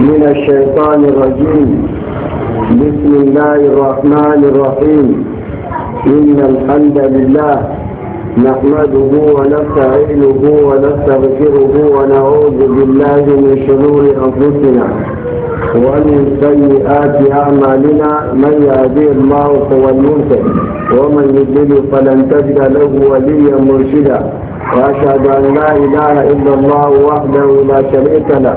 من الشيطان الرجيم بسم الله الرحمن الرحيم إن الحمد لله نحمده ونستعينه ونستغفره ونعوذ بالله من شرور أنفسنا ومن سيئات أعمالنا من يهديه الله فهو المهتد ومن يضلل فلن تجد له وليا مرشدا وأشهد أن لا إله إلا الله وحده لا شريك له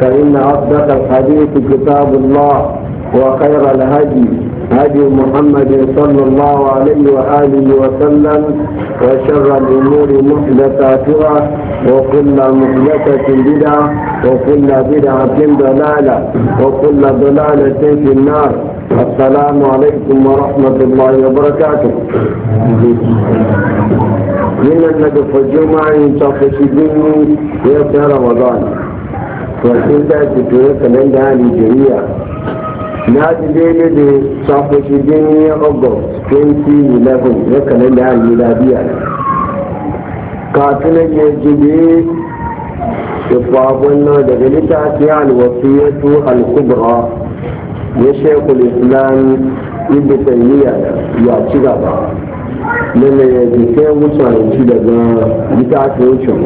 فإن أصدق الحديث كتاب الله وخير الهدي هدي محمد صلى الله عليه وآله وسلم وشر الأمور محدثاتها وكل محدثة بدعة وكل بدعة ضلالة وكل ضلالة في النار السلام عليكم ورحمة الله وبركاته من الذي في الجمعة ينتقل يوم رمضان wasu da ke tura kanan da nigeria na ji daidai da safoshi jini august 2011 na kanan da miladiya katunan ya jibe da fagon na daga alwasu ya al alkubra ya shekul islam ibn taymiya ya ci gaba na ya jike wuce daga littafin wucin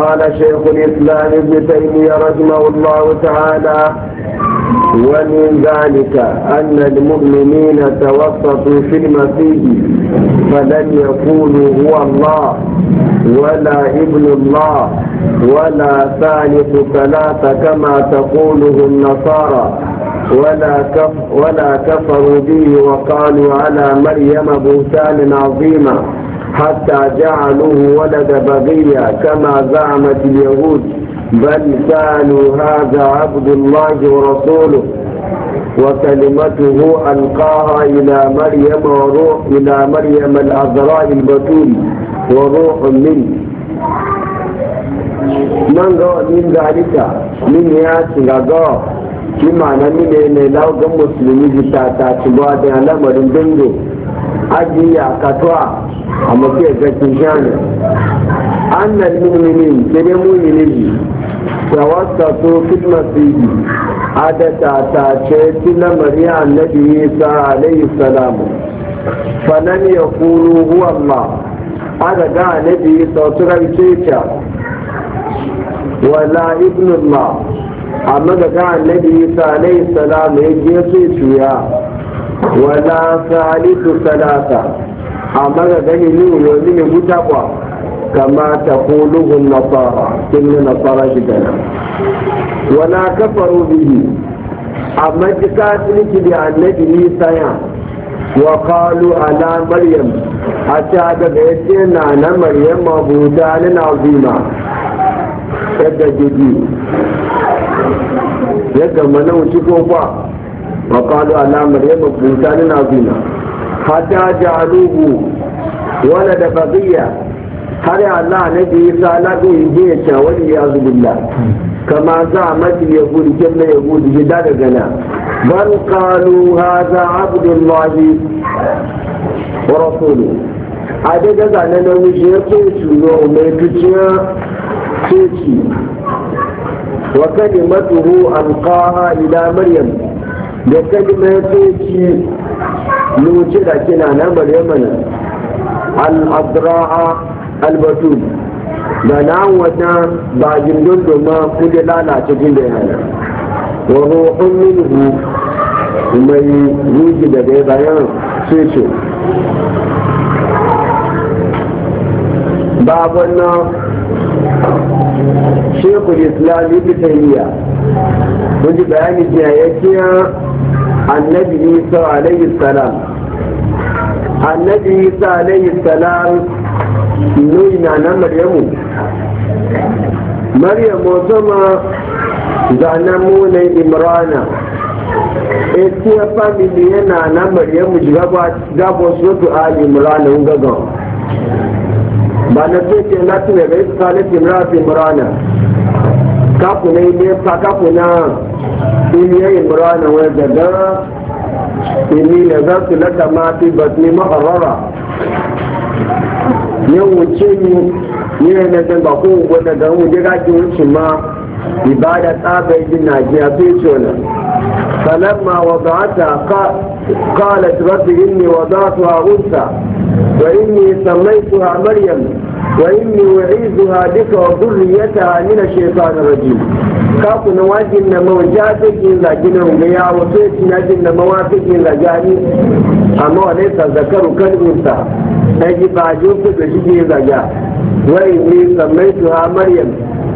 قال شيخ الإسلام ابن تيمية رحمه الله تعالى ومن ذلك أن المؤمنين توسطوا في المسيح فلم يكونوا هو الله ولا ابن الله ولا ثالث ثلاثة كما تقوله النصارى ولا كف ولا كفروا به وقالوا على مريم بهتانا عظيما حتى جعلوه ولد بغية كما زعمت اليهود بل كانوا هذا عبد الله ورسوله وكلمته ألقاها إلى مريم وروح إلى مريم العذراء البتول وروح منه من قال من ذلك من ياتي غضاء كما نمي لو مسلمي جتا تاتبوا دي على مريم aji ya katuwa a mafi gaskin shani an na muminin kere muminin bi da wasa so fitmasiri adata ta ce ti mariya annabi isa alayhi salamu fanan ya kuru huwa allah aga ga annabi isa turai ce ta wala ma amma ga annabi isa alayhi salamu ya je su ya wala salisu salasa amma ga gani ni yo ni ne mutakwa kama taquluhu nasara kinna nasara gidana wala kafaru bihi amma kafirci bi annabi ni ya wa qalu ala maryam hatta daga yace na na maryam mabuta na azima yadda gidi yadda mana wuce ko fa وقالوا على مريم بهتانا عظيمة حتى جعلوه ولد بقية هل الله نبي صلى الله والعياذ بالله كما زعمت اليهود كما يهود جدال جنا بل قالوا هذا عبد الله ورسوله هذا جزا لنا وجهته شنو وكلمته ألقاها إلى مريم da kalmar toci lokaci da kina na maryamana al-azra'a al-batul da na wata ba gindin doma kudi lalace jin da yana wa ruhun minhu mai ruji da bai bayan sai ce na shekul islam ibn taymiyyah mun ji bayani jiya ya kiya annabi isa alayhi salam annabi isa alayhi salam nuyi na nan maryamu maryamu sama zana muna imrana etiya famili yana na maryamu gabo sotu ali imrana un ba na ce ke latin da bai tsakanin imrana kakuna ile fa kakuna ile imrana wa daga inni nazartu laka ma fi batni maharrara yau wuce ni ne na zan ba ko go daga wuce je gaji wuce ma ibada tsabai din najiya sai tona فلما وضعتها قالت رب إني وضعتها أنثى وإني سميتها Maryam. وإني أعيذها بك وذريتها من الشيطان الرجيم kaku na wajin na mawaja fikin zaki na hungaya wasu ya ci najin na mawa fikin zagani amma wane sa zakaru kalbinsa na ji ba ji ku da shi ke zaga wai ne sammai su ha maryam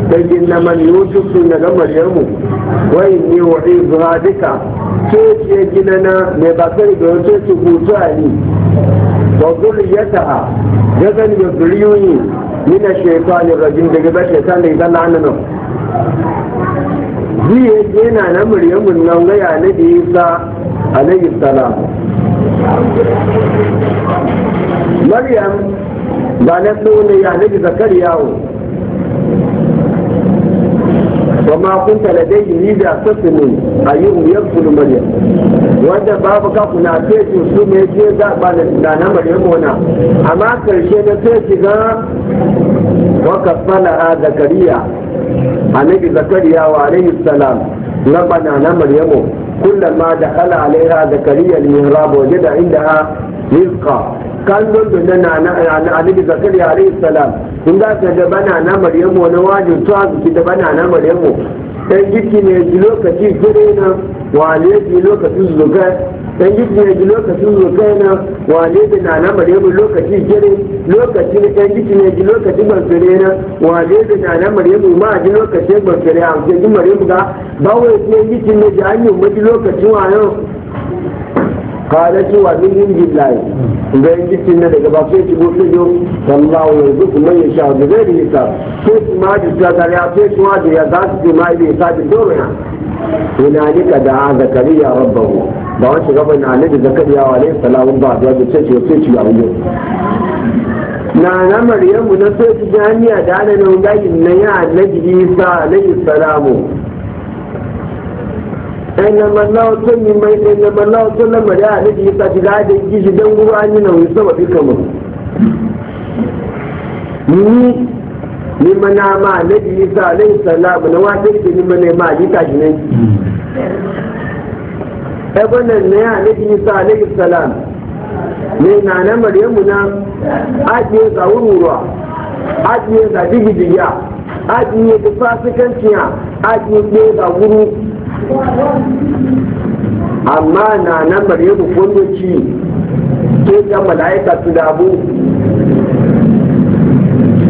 da ji na man yusuf sun daga maryamu wai ne wa izu duka ce ce gina na mai basari da wasu ce hutu ali وذريتها جزن يذريوني من الشيطان الرجيم دقيقة الشيطان اللي يدل عنه زي يجينا نمر يوم النوم يا نبي عيسى عليه السلام مريم ba na tsohon ya nabi zakariyawo وما كنت لديه إذا قسموا أيهم يقتل مريم wanda babu ka kuna sai ki su ne je zaɓa da na Maryam wana amma karshe na sai ki ga wa kafala zakariya annabi zakariya wa alaihi salam na bana na Maryamu kullama da kala a zakariya al-mihrab wajada indaha rizqa kan don na na alibi zakari alayhi salam kun da ka da bana na maryamu na wajin to ki da bana na maryamu dan giki ne ji lokaci gure na wale ji lokaci zuga dan giki ne ji lokaci zuga na wale da na na maryamu lokaci gure lokaci ne dan giki ne ji ban banfere na wale da na na maryamu ma ji ban banfere a ji maryamu ga bawo ji giki ne ji an ma mu ji lokacin wayo kala cewa min yin layi ga yin jikin na daga ba sai shigo su yau wallahu yanzu kuma ya sha da zai nisa sai su ma ji ta tare sai su ma ji ya za su ce ma bai sa ji dole na hunalika da zakariya rabbahu ba wani shugaba na annabi zakariya wa alaihi salamu ba da wani sai ciwo sai ciwo a wani na na maryamu na sai su jami'a da ana nan gayin na ya annabi isa alaihi salamu yi, náà tó nyima ẹnama náà tó lamari a ne ta kati gaa de jiji den guru anyi na wuyi saba ika mu ni ni mana ma ne jigi sa ne salam na wa te ke ni mana ma yi ta jine ebe na ne a ne jigi sa ne salam ne na na maryamu na ajiye ga wuruwa ajiye ga jigi jiya ajiye ga fasikanciya ajiye ga guru amma na nan bari yadda kwanoci ke ta mala'ika su da abu.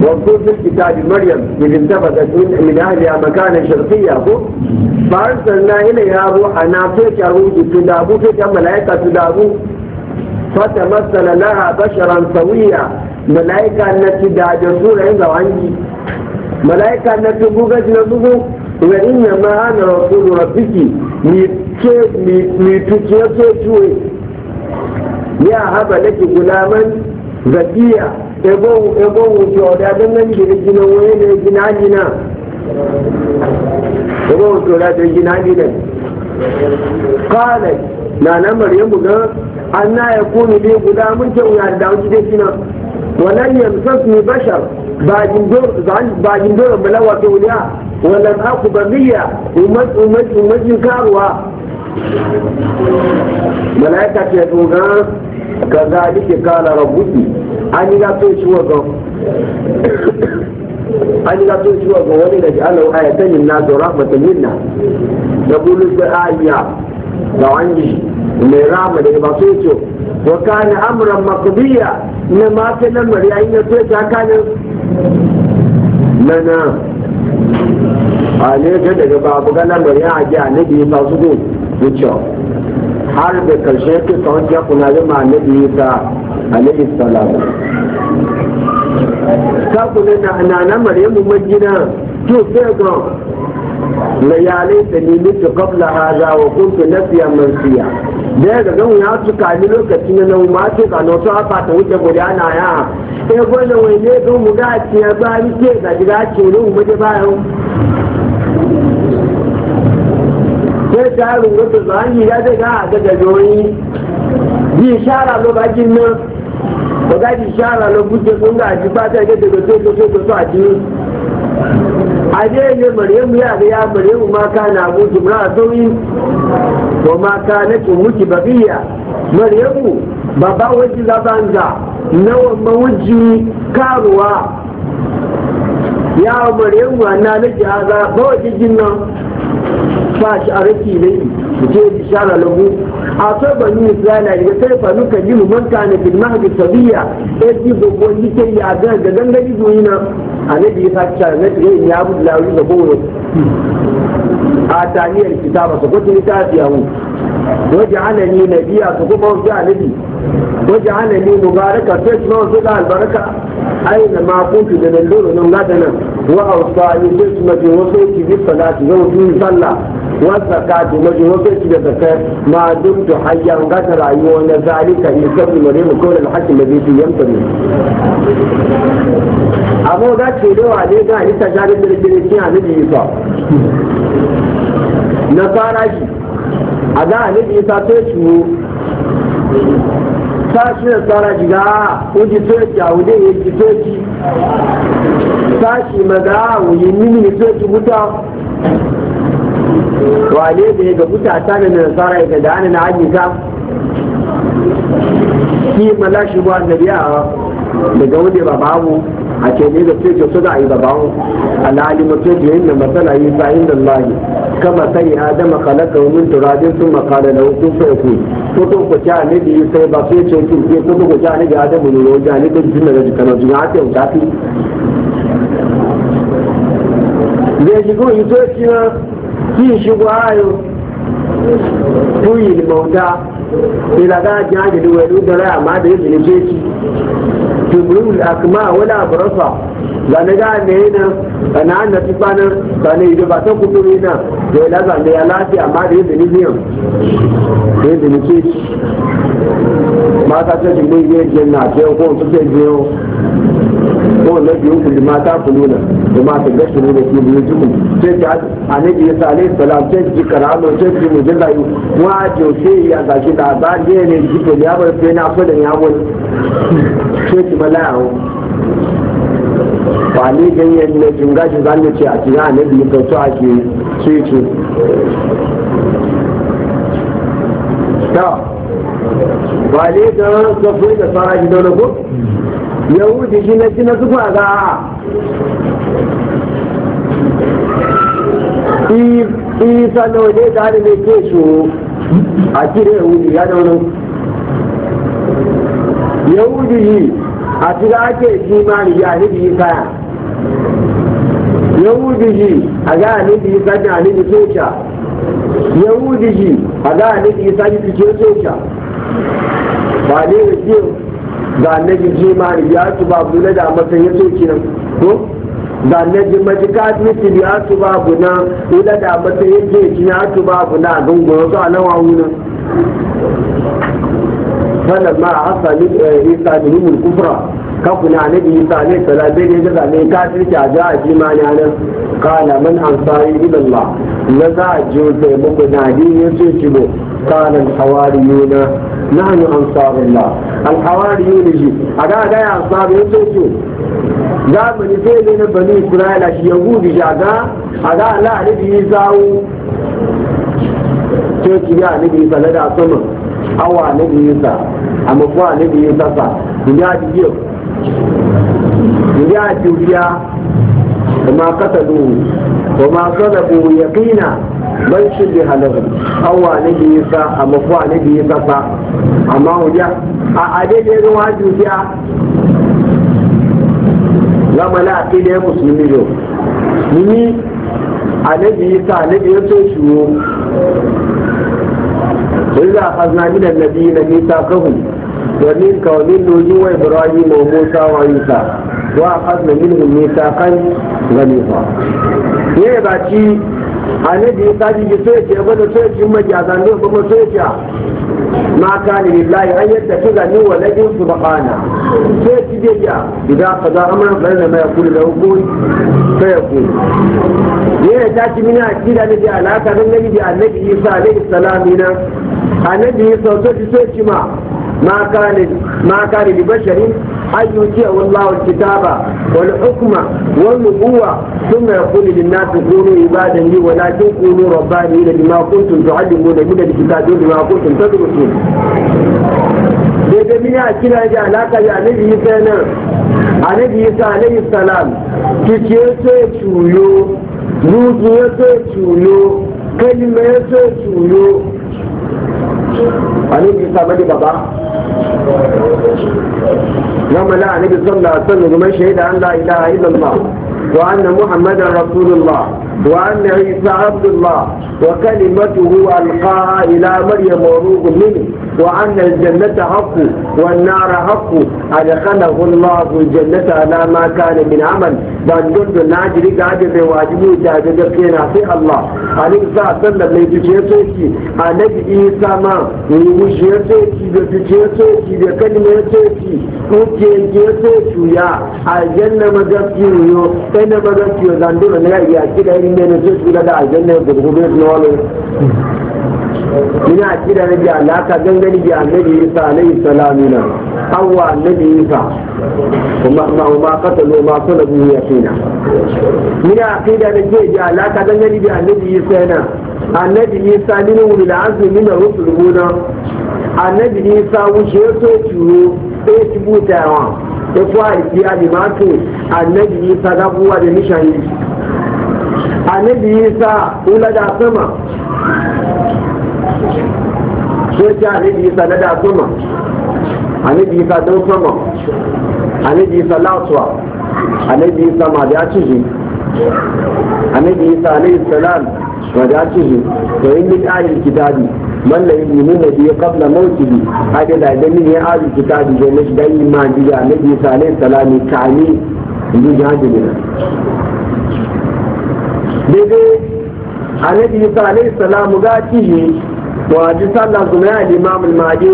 wanzu su kita bi maryam ibn taba da su ila aliya makana shirfiya ko farsan na ila ya zo a na so ki aru ki su dabu ke ta mala'ika su da abu. fata masala a basharan sawiya mala'ika na ci da jasura yin zawangi mala'ika na ci gugaji na zuhu wa inna ma ana rasulu rabbiki ni ce ni ya haba laki gulaman zakiya ebo wuce da dan nan gina gina waye ne gina gina ebo wuce da dan gina gina qala na maryam ke da wuce gina ba jindo ba ke wuya ولم أكو بغية ومت ومت ومت كاروا ملائكة يقولون كذلك قال ربك أني لا تشوفه an ga so ciwo ga wani da ji'alau ayatan yin nasu rahmatan minna da bulu da ayya da wani mai rama da ba so ciwo wa kana amran maqdiya na ma ta lamari ayin da so ta kana lana ale ta daga babu ganar da ya ne annabi yi su ne wucewa har da karshe ta tsawon ya kuna yi ma annabi ta alaihi salam ta kuna na nana maryamu majina to sai ga layalai da ni mutu kabla haza wa kuntu nasiya mansiya da ga gan ya su ni lokaci na nan ma ce ka noto haka ta wuce guda na ya ɗaya eh, gwada wai ne ga mu ga ciyar ba ni ce ga jira ce ne mu je bayan tarin wata zangi ya daga a daga yoyi bi shara lo bakin nan ba za ki shara lo buje sun ga ji ba ta ga daga to to to to a ji a je ne maryamu ya ga ya maryamu ma na abu jumra sauyi wa ma na ki muki babiya maryamu baba waji labanga nawa mawuji karuwa ya maryamu na nake haza ba wajen nan fa shi a raki ne je bishara lagu a sai bani israila ya sai fa nuka ji mun kana fil mahdi sabiya e ji gogo ji ke ya ga ga dan ga ji na annabi ya ta na ne ya abu lawi ga gowo a taniyar kitaba su kwatin ta fiya mu وجعلني نبيا فكما وجعلني وجعلني مباركا فيش ما وصل البركة أينما كنت من اللون من غدنا wa hausa ne zai su mafi wasu yake bi salati yau su yi sallah wa zaka da mafi wasu yake da zakar ma duk da hanyar gata rayuwa na zalika ne kan su mare mu kawai alhaki da zai su yanta ne. abu da ke dawa ne ga ita jarin da ke cin alibi yusa na fara shi a ga alibi yusa sai su sashi da tsara shiga wuji soci a wuje ya ji ta sashi maza wuji mini soci wuta wane da ya ga wuta ta da nasara ya da ana na ka ki malashi ba da biya daga wuje ba babu a ke ne da ce ke su da a yi babawo alhali mutum da yin da matsala yi sa inda lahi kama sai adama kalaka min turajen sun makara da hukun sai ku ko to ku ta ne da sai ba sai ce ku ke ko ku ta ne da mu ne wajen ne da jinna da jikana jina ta yau tafi zai shigo yi to shi na ki shigo ayo tuyi limauta ilaga jihar da wani da raya ma da yi ce shi tubrul akma wala abrasa zane ga ne na kana na tsana zane ne da ta kuturi na da ga zane ya lafiya amma da yadda nijiyan da yadda nike mata ta jimbe ne na ce ko su ce biyo kuma wannan ku ma ta ku nuna da nuna ku biyu jikin, sai ta annabi ya salam sai ji sai ji mu jinda yi wa ya da ba ne ne ji ko ya bar sai na fada ya wani sai ki malawo ba ne ganyen ne jinga shi zan ce a cikin annabi ya kauta a ke ce ta ba ne da kafin da fara gidan rago yahudi shi na ci na suka ga isa na waje da hada mai ke su a kira yahudi ya dauna yahudi shi a shiga ake shi ma ni ya nabi isa yahudi yi a ga nabi isa da soja? soca yahudi shi a ga nabi isa da nabi soca ba ne da ciwo ga annabi jimani ya su babu da matsayin ya soke nan ko ga annabi majika miti ya su babu na ila da matsayin ya ke ci ya su babu na gungun wasu alawa wunan sannan ma a hasa eh, isa da himin kufra kafin annabi isa ne ne ga zane kafirci a ja a jimani a nan kala man ansari ilallah na za a jiyo taimako na adini ya ce shigo قال الحواريون نحن انصار الله الحواريون جي اغا قا يا أنصار يسوسو زمن فيلنا بني اسرائيل أشي يهود اغا أقا لا ربي يزاو تيكي يا نبي بلدا لدى سمم نبي يسا اما فوا نبي يسا سا نجا جيو نجا جيو وما قتلوه وما ضربوا يقينا بل شبه لهم أو نبي يسا أما فوا نبي يسا أما هو جاء أعدد الواجه جاء لما لا أكيد مسلمين ni annabi isa annabi ya so shi wo sai za a fasna min annabi na nisa kahu domin kawamin wa musa wa وأخذنا منهم ميثاقا غليظا يا باتي annabi ya kaji ji so yace ba da so yace ma jazanne kuma so yace ma kana lillahi an yadda kiza ni waladin subhana so yace je ya idan kaza amran bayan ma yakulu lahu kun sai yakulu yana ta ci mina akida ne da alaka dan nabi da annabi ya sauto shi sai shi ma ma kare da bashari an yi bashari an yuti wallahu kitaba wal hukma wal nubuwa thumma yaqulu lin nas kunu ibadan li walakin kunu rabbani ila bima kuntum tu'allimuna min al kitabi bima kuntum tadrusun daidai mini a kira da alaka da annabi isa nan annabi isa alayhi salam kike ya so ya cuyo ruzu ya so ya cuyo kalima ya so ya cuyo annabi isa bane baba gama la annabi sallallahu alaihi wasallam man shahida an la ilaha illallah wa anna muhammadan rasulullah wa anna isa abdullah wa kalimatuhu alqaha ila maryam wa ruhun minhu وأن الجنة حق والنار حق أدخله الله الجنة على ما كان من عمل بان قلت ناجري قاعد واجبه جاهد فينا في الله عليك صلى الله عليه الصلاة والسلام لي تجيسوكي عليك إيسا ما ويوشيسوكي بتجيسوكي بكلميسوكي وكيسوكي يا الجنة مدفيو أنا مدفكي وزندور أنا يا كده من نسوكي لدى الجنة بالغبير نوالي ina kira na ji alaka gangani ji annabi isa yi salamu na hawa annabi isa ma ma qatalu ma ya yaqina ina kira na ji ji alaka gangani ji annabi isa na annabi isa min ulul azmi min rusul huna annabi isa wuce to turo sai buta wa da fa'ari biya bi ma to annabi isa ga buwa da mishani annabi isa ula da sama sai ce annabi isa na da sama annabi salam in kitabi man la yu'minu bi qabla mawtihi hada da da min ya ahlil kitabi da nashi da imani da annabi isa alayhi salam kani inji jihadi ne daidai annabi isa alayhi salam ga ciji waje sallah zuma ya limam al-mahdi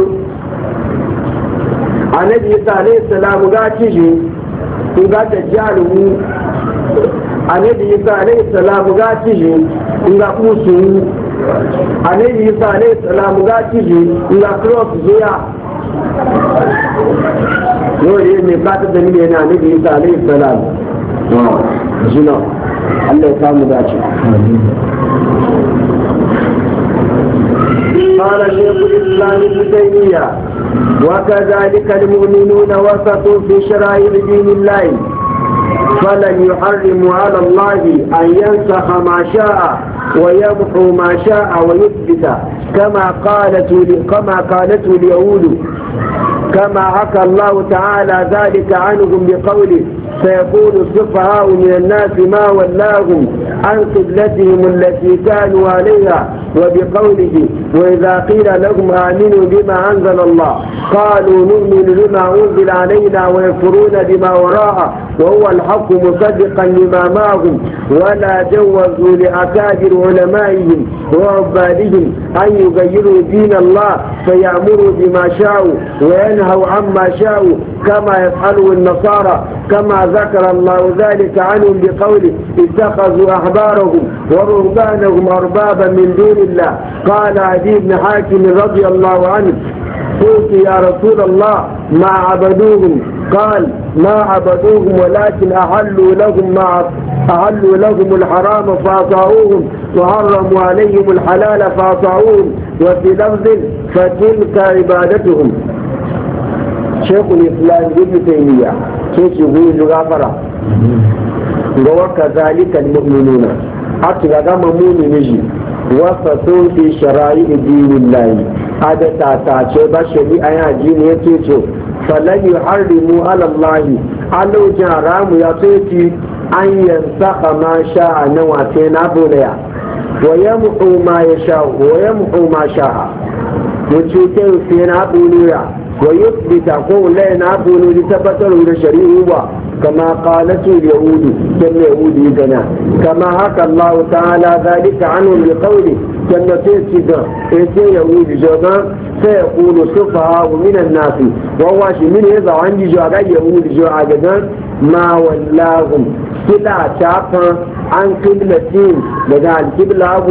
annabi isa alayhi salam ga ci shi ku ga dajjalu annabi isa alayhi salam ga ci shi ku ga kusu annabi isa alayhi salam ga ci shi ku ga cross zuya yau ne mai fata da mini yana annabi isa alayhi salam jina Allah ya samu dace قال شيخ الإسلام ابن تيمية وكذلك المؤمنون وسطوا في شرائع دين الله فلن يحرموا على الله أن ينسخ ما شاء ويمحو ما شاء ويثبت كما قالت كما قالته اليهود كما حكى الله تعالى ذلك عنهم بقوله سيقول السفهاء من الناس ما ولاهم عن قبلتهم التي كانوا عليها وبقوله وإذا قيل لهم آمنوا بما أنزل الله قالوا نؤمن بما أنزل علينا ويكفرون بما وراءه وهو الحق مصدقا لما معهم ولا جوزوا لأكابر علمائهم وعبادهم أن يغيروا دين الله فيأمروا بما شاءوا وينهوا عما شاءوا كما يفعله النصارى كما ذكر الله ذلك عنهم بقوله اتخذوا أحبارهم ورهبانهم أربابا من دون الله قال عدي بن حاكم رضي الله عنه قلت يا رسول الله ما عبدوهم قال ما عبدوهم ولكن أحلوا لهم ما أحلوا لهم الحرام فأطاعوهم وحرموا عليهم الحلال فأطاعوهم وفي لفظ فتلك عبادتهم شيخ الإسلام ابن تيمية شيخ يقول غفرة وكذلك المؤمنون حتى مؤمن نجي wasatun fi shara'i dinin layi ada tatace ba shari'a ya jini ya ce falan yuharrimu ala allahi alojin haramu ya ce an yansaka ma sha'a na wace na bolaya wa yamhu ma yasha'u wa yamhu ma sha'a yace kai fi na bolaya wa yuthbita ko la na bolaya tabbatar da shari'u ba كما قالت اليهود كم يهود يدنا كما حكى الله تعالى ذلك عنه بقوله كم تيسيدا إيتي يهود جنا سيقول السفهاء من الناس وهو شي من هذا عندي جوا يهود جوا جنا ما ولاهم كلا شافا عن قبلتين لذا عن قبلة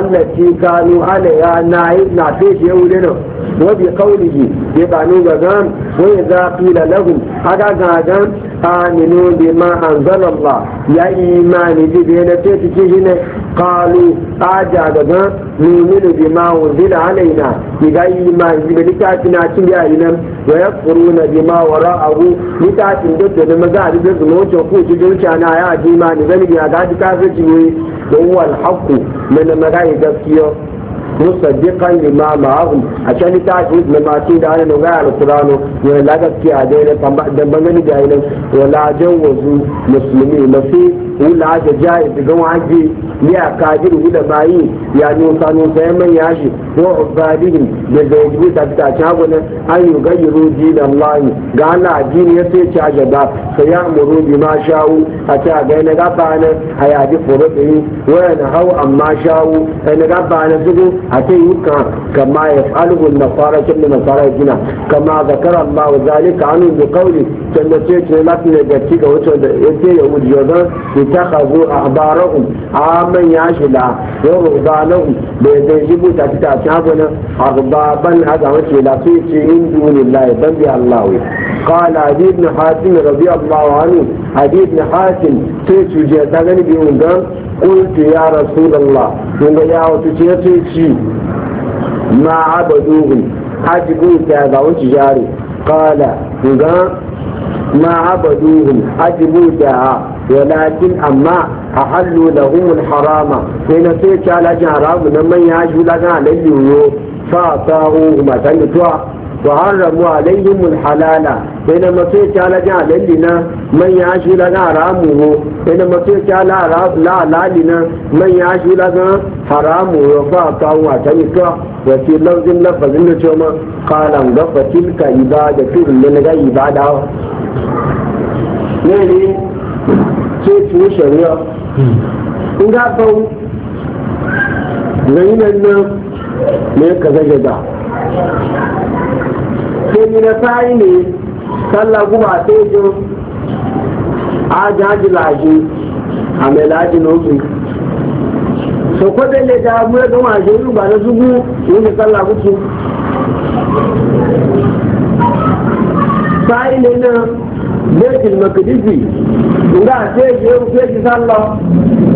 التي كانوا عليها نائب نعفيش يولنا وبقوله يبعنوا جنا وإذا قيل لهم أجا جنا aminu bima anzalallah ya a imani bi da yana ce ciki shi ne kalu aja daga miminu bima wuzila alaina ki yi imani bi da littafi na cin ya yi nan wa ya furu na bima wara abu littafin duk da maza a duk ku ci zuciya na ya ji imani zan ya gaji kafin ci don wal haƙƙu na na gaskiya مصدقا لما معهم عشان تعرفوا لما تيجي على نوع القرآن ولا قد كي عليه طبعا دمنا نجاينا ولا جوزوا مسلمين ما في wula da jayi daga waje a kabiru wuda bayi ya nusa nusa ya man yashi wa ubadihim da zai ji ta ta cago ne an yi gayyaro dinan layi ga Allah addini ya sai ta ba sai ya muru bi ma shawu a ta ga ne a ya ji furo tsayi wa na hau amma shawu a na gaba ne zugu a ta yi kama ya falgun na fara kin na fara gina kama zakarar Allah zalika anu bi qawli kan da ce ce lafiya ga ci ga wuce da yake ya wuce da اتخذوا اخبارهم عاما ياشدا ورهبانهم جبو تاكتا شابنا اغبابا هذا وشي لطيف من دون الله بندي الله قال عدي بن حاتم رضي الله عنه عدي بن حاتم تيتو جيتا غني بيونغان قلت يا رسول الله من يا وتشيتو شي ما عبدوهم حاجي قلت هذا وشي جاري قال ما عبدوهم حاجي قلت walakin amma a hallu da humul harama sai na sai lafazin da cewa kalan gafa tilka da na ga tun shari'a in ga nan ne ka zage sai ni na sai ne sallah sai jin laji a mai laji so ko le mu ga ma je ba na sallah sai ne nan baitul maqdisi nga ce je ku ce sallah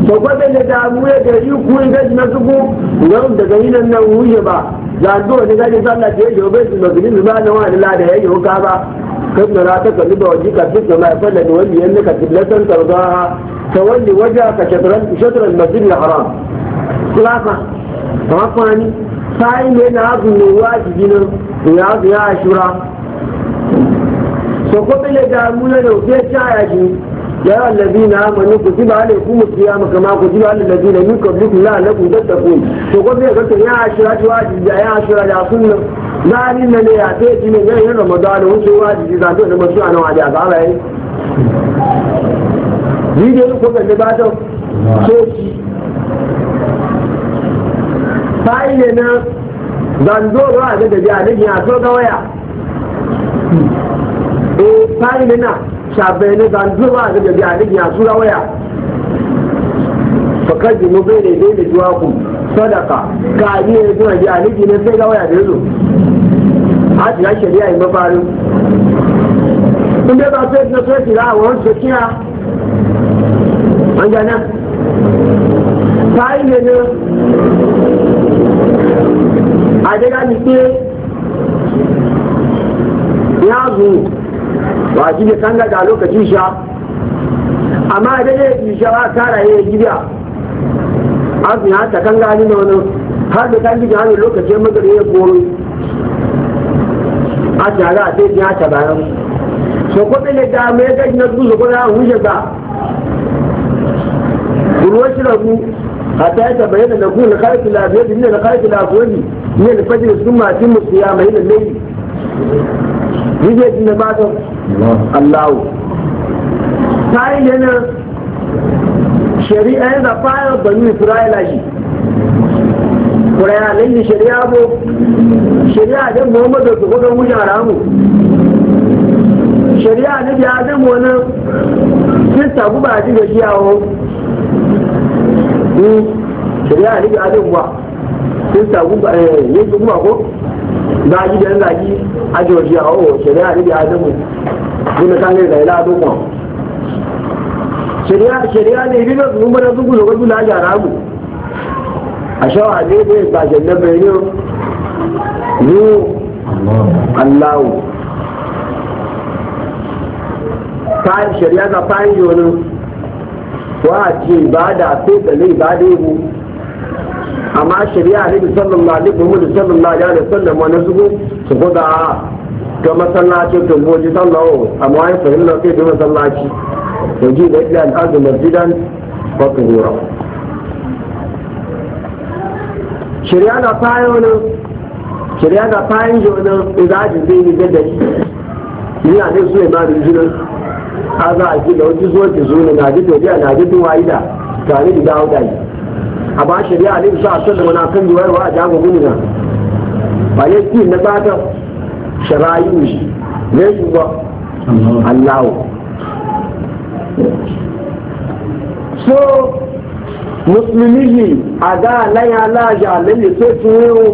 to ko ne da mu ya gari ku gaji na zubu nga daga yi nan nan wuye ba da do ne ga sallah je je baitul maqdisi ba na wani la ya yi ka ba kan na ta kalli ba waji ka fi sama ya falla da wani yanne ka tiblatan tarzaha tawalli wajha ka shatran shatran masjid al-haram kulaka ba fani sai ne na abu ne wajibi nan ya ya shura to ko bele da mula da ke chaya ji ya allazina amanu kutiba alaykum as-siyam kama kutiba alal ladina min qablikum la'allakum tattaqun to ko bele ga ya ashira ya ashira da sunna zani ne ne ya ce ji ne ramadan wuce da to ne masu ana a ga rai ko ga ba ta so ne na ga da da so ga waya eh fari na shabai na zanzuwa daga jaririn ya tura waya fakar jino bai ne dai da juwa ku sadaka ka yi ne zuwa jaririn na sai ga waya da yazo a shiga shari'a yi mafarin in dai ba sai na sai shiga a wani sokiya an gana fari ne na a daga ni ya zuwa ba shi ne sanga da lokacin sha amma da ne yi sha ba kara yi gida azumi ta kan gani da wani har da kan gida hannun lokacin magana ya koro a tare a sai ya ta bayan so ko ne da mai gaji na zuzu ko ya huje ba ruwan shi rabu ne na أن يكون لخائف الأبيض من لخائف الأسود من الفجر ثم أتم الصيام إلى الليل يجي إن بعد Allahu tayin yana shari'a yana fara bani Isra'ila shi kuraya nan shari'a bo shari'a da Muhammadu su kuka wuce ramu shari'a da Adam wani sun tabu ba ji da shiyawo shari'a ne da Adam ba hmm, sun tabu ba eh, ne kuma ko zagi da zagi a georgia a o shari'a ne da adamu ne na kan da ila dokon shari'a shari'a ne ibi na zuwa mana zuwa zuwa zuwa ya ramu a shawa ne ne ba jannan bai ne zu allahu fayin shari'a ga fayin wani wa a ce ba da fesa ne ba da yi amma shari'a ne alaihi sallallahu alaihi muhammad sallallahu alaihi wasallam wani zugu su kuda ga masallaci to goji sallahu amma ya na sai da masallaci to ji da ila al'adu masjidan wa tuhura shari'a na fayo ne shari'a na fayin jona idan ji zai yi da shi ni a ne su ne ma da jinan a za a ji da wani zuwa ki zuwa na ji to ji a na ji tuwa tare da dawo da yi a ba shari'a ne a sun da mana kan yi wayarwa a jago na ba ya ki na bata sharayu shi ne shi ba Allahu so musulmi yi a da alaya laja lalle so ti wo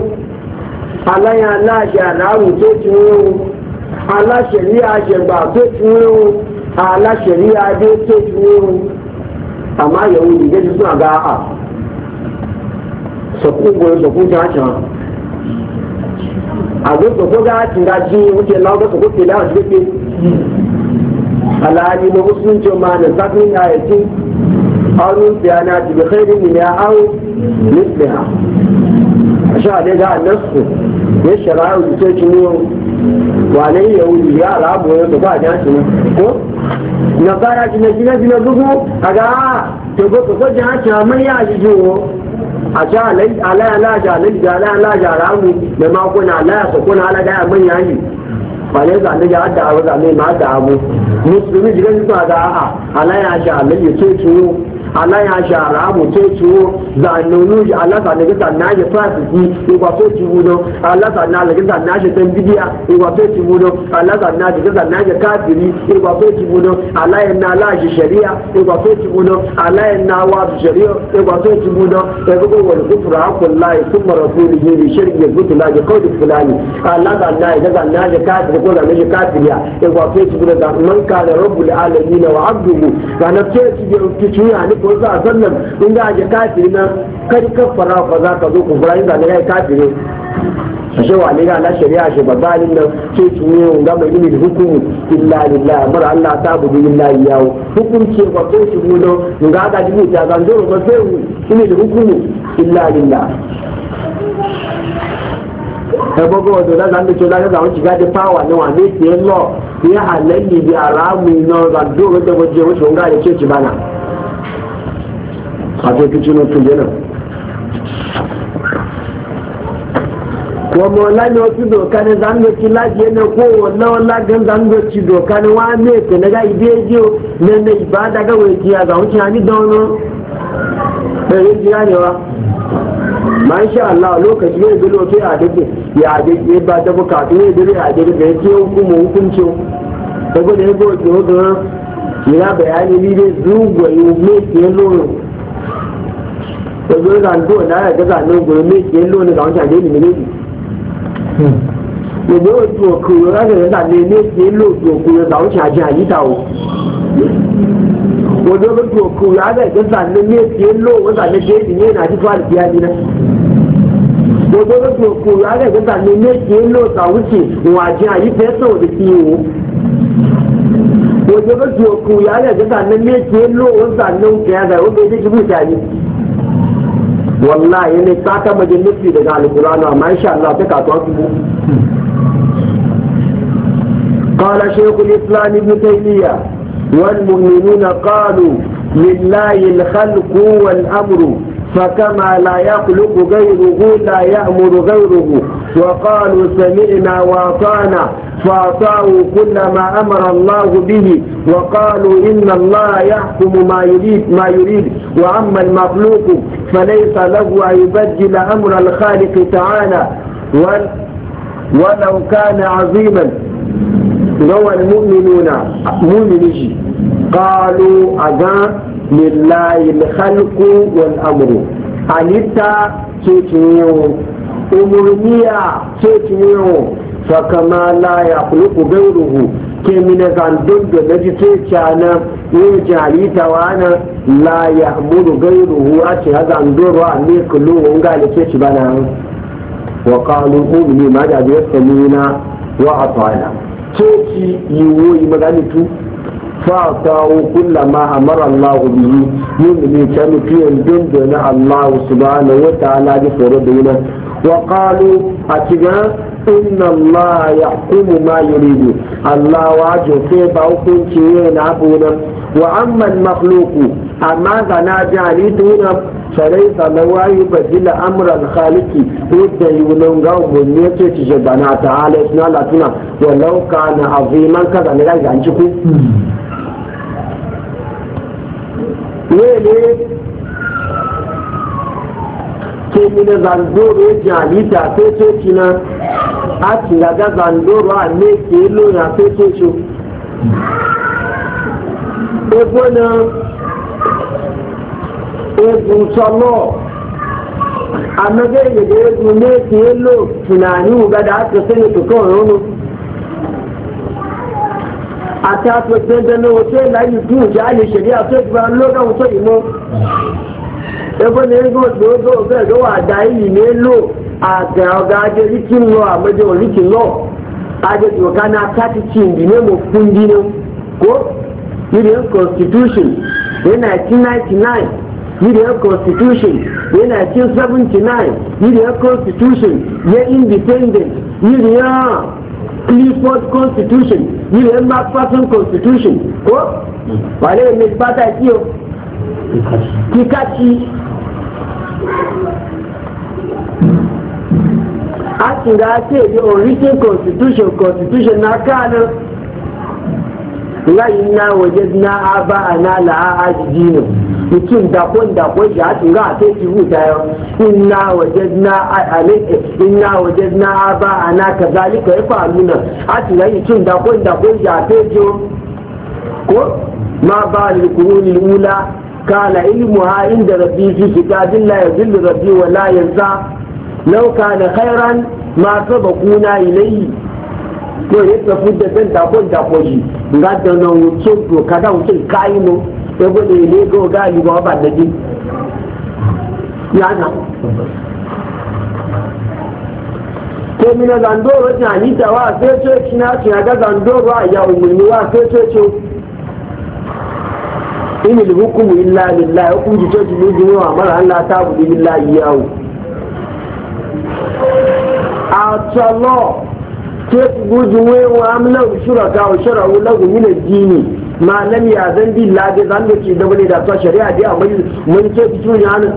alaya laja rawu so ba wo alasẹ̀rí àjẹgbà tó ti wo alasẹ̀rí adé tó ti wo àmọ́ àyẹ̀wò ìdíje suna ga àà. sọ̀kú gbòòrò sọ̀kú jẹ́ sako àgbẹ̀ sọ̀kú jẹ́ àjìnrà jí oúnjẹ sako sọ̀kú pèlè àwọn gbégbé alhaji na musulunci ma da zafin ya yaki aunin biyana ti bi khairin min ya au misliha a sha dai ga annasu ya shara'u da sai cin wane ya wuri ya alabu ya ko na fara shi na gina gina dubu a ga ta go ko jan shi amma ya ji jiwo a ja alai ala ala ja alai ja ala ala ja ramu da makuna ala ya sokuna ala da man yayi ba ne zane ya da abu zane ma da abu musulmi jiran ba a ala a ja alai ya ce ciwo ala ya sha ramu ce ciwo za nunu ji Allah sa daga sanna ya fasi ki igwa so ti wudo Allah sa na daga sanna shi tan bidiya igwa so wudo na ya kafiri igwa so wudo ya na la shi shari'a igwa so ci wudo ya na wa shari'a igwa so ci wudo ya go wal kufra akullahi thumma rasulihi li shirki yakbutu la ya qawli fulani Allah sa na daga sanna ya kafiri ka da shi kafiriya igwa so ci wudo da man rabbul alamin wa abduhu kana ce ki ci ko a sallam in ga aje kafiri na kai kafara fa za ka zo kubura in zane kai kafiri a shewa ne ga Allah shari'a shi ba zalin nan ce ci ne ga mai ilmi hukumu illa lillahi bar Allah ta budu lillahi yawo hukunci ba ko shi mu don ga ga dubu ta zan zo ba sai ilmi hukumu illa lillahi ẹgbọ́gbọ́ ọdún láti àmì tó láti àwọn ti gáde páwà ní wọn àbẹ́sẹ̀ lọ ní àlẹ́ yìí di na iná ràdúró tẹ́gbọ́jẹ́ oṣù ń gáde tí ó ti bá náà. akwai kicinin tujina wọ́n mọ̀ láyé ọtí dòka ni zangochi láti ẹni kó wọ́n náà lágán zangochi dòka ni wọ́n á mú ètò nígbà ìdí èjì o nínú ìbá ga wuce hannu da wani ɗari jiya ne wa ma man sha Allah lokaci ne bi lokaci a dake ya dake ba ta bukatu ne bi a dake da ya ce hukumu hukunci ko saboda ya go ce hoga ya bayani ne dai zuwa yi ne ke loro da ko yo ga zane ne hmm. ya ga ga zane ne ke lo ni na ga ga zane ne ke lo ta wuce wa ji ayi fe so da ki o o do ko to ko ya ga ga zane ne ke wallahi ne ta ta majalisi daga alkur'ani amma insha Allah ta kasuwa su قال شيخ الإسلام ابن تيمية والمؤمنون قالوا لله الخلق والأمر فكما لا يخلق غيره لا يأمر غيره وقالوا سمعنا واطعنا فأطاعوا كل ما أمر الله به وقالوا إن الله يحكم ما يريد ما يريد وأما المخلوق فليس له أن يبدل أمر الخالق تعالى ولو كان عظيما روى المؤمنون مؤمنين قالوا أذان لله الخلق والأمر أنت تتنيون umurniya ce tiyo fa kama la ya khluqu ghayruhu ke mine zan dunga da ji ce cana ne jali tawana la ya mudu ghayruhu a ce ha zan doro a ne kullu wan ga da ce bana wa qalu ummi ma da biya samina wa atala ce ci yiwo yi magani tu fa ta wu kulla ma amara allah bihi yin ne ta mutiyan dunga na allah subhanahu wa ta'ala bi sura da yana وقالوا أتنا إن الله يحكم ما يريد الله واجه سيبا وكنتين عبونا وأما المخلوق أما ذنا جانيتنا فليس لو أن يبدل أمر الخالق ودى ينونغو من يتيت جبنا تعالى إسنا لتنا ولو كان عظيما كذا نلاقي عنشكو ليه ويلي ke mina zandoro ya jali ta fetoci na a tiraga zandoro a ne ke lo ya fetoci ebo na egun sọlọ amage yege egun ne ke lo tunani wuga da aka sani tuka ọrọnu àti àti ọ̀gbẹ́ndẹ́ náà wọ́n tó ìlànà ìdúró jáde ṣẹ̀dí àti ọ̀gbẹ́ndẹ́ lọ́dọ̀ wọ́n yi ìmọ̀. ebe na ego otu oge oge egowa ada iyi n'elu aga ọga aje riki nlọ amaje oriki nlọ aje tsoka na katici ndi ne mo fundi ne ko yirin constitution ne 1999 yirin constitution ne 1979 yirin constitution ne independent yirin Clifford constitution yirin macpherson constitution ko wàlẹ́ ìmẹ̀sí pátá kí o. kikaci a tira ce the origin constitution constitution na kanin rayin na waje na aba a na la'a a jijinin mutum dakon dakon shi a tira a sai tihu da yau inna waje na alaƙa inna waje na aba a na ka zalika ya faru nan a tira mutum dakon dakon shi a sai ko ma ba alƙuruni lula قال علمها عند ربي في كتاب لا يذل ربي ولا ينسى لو كان خيرا ما سبقونا إليه ko ya tafi da zan dako dako shi ga da nan wuce to da wuce kai mu ya gode ne go ga yi ba ba da ji ya na ko mina zandoro ta ni ta wa sai ce kina kina ga zandoro ya umurni wa sai ce ce in il hukumu illa lillahi hukunci ce ji ne wa mara Allah ta bu lillahi yawo atalo ke gujuwe wa amla shuraka wa shara'u lahu min ad-dini ma lam yazan billahi zan da ci da bane da ta shari'a dai amma mun ce fito ne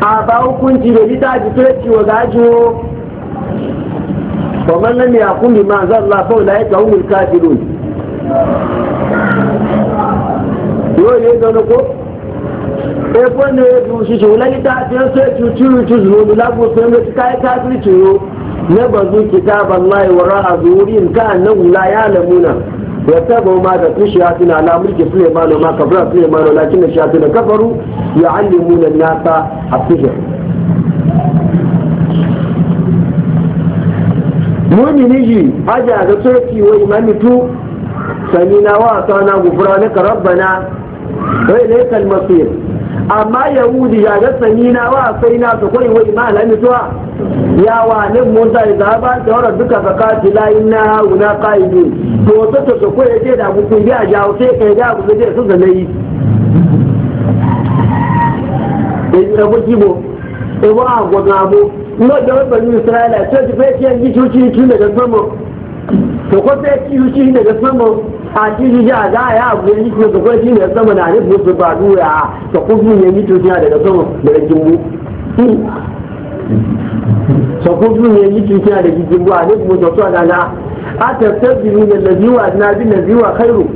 a ba hukunci da litafi ce ci wa gajo ومن لم يقم بما انزل الله فاولئك هم الكافرون yóò lè dọ́nà kó epo ne ebi osisi wòle yi ta ti ẹsẹ tutu tu zuru labu fún mi ti káyí káfírí turo ne bazu kitaba wara nka na wula ya lamuna واتبعوا ما mumini ji aja ga wa na wa ta na gufura na wai ne kalmasir amma yahudi ya ga sani na wa sai na su kai wai ma la mutuwa ya wa ne mun da ya ba da wannan duka zakati la inna huna qaidu to to to ko ya yaje da ku ya ja sai kai da ku je su da nayi da ku bo e wa go na gabo no da ba ni israila sai da fetiyan ci tun daga sama to ko sai ci ne da sama a cikin jiya za a yi abu ya yi kuma da shi ne sama na nufin su ba dura ta kuma ne yi tukiya daga sama daga kimbu ta kuma ne yi daga kimbu a nufin su ta dana a tattabiru da laziwa na bi laziwa kairu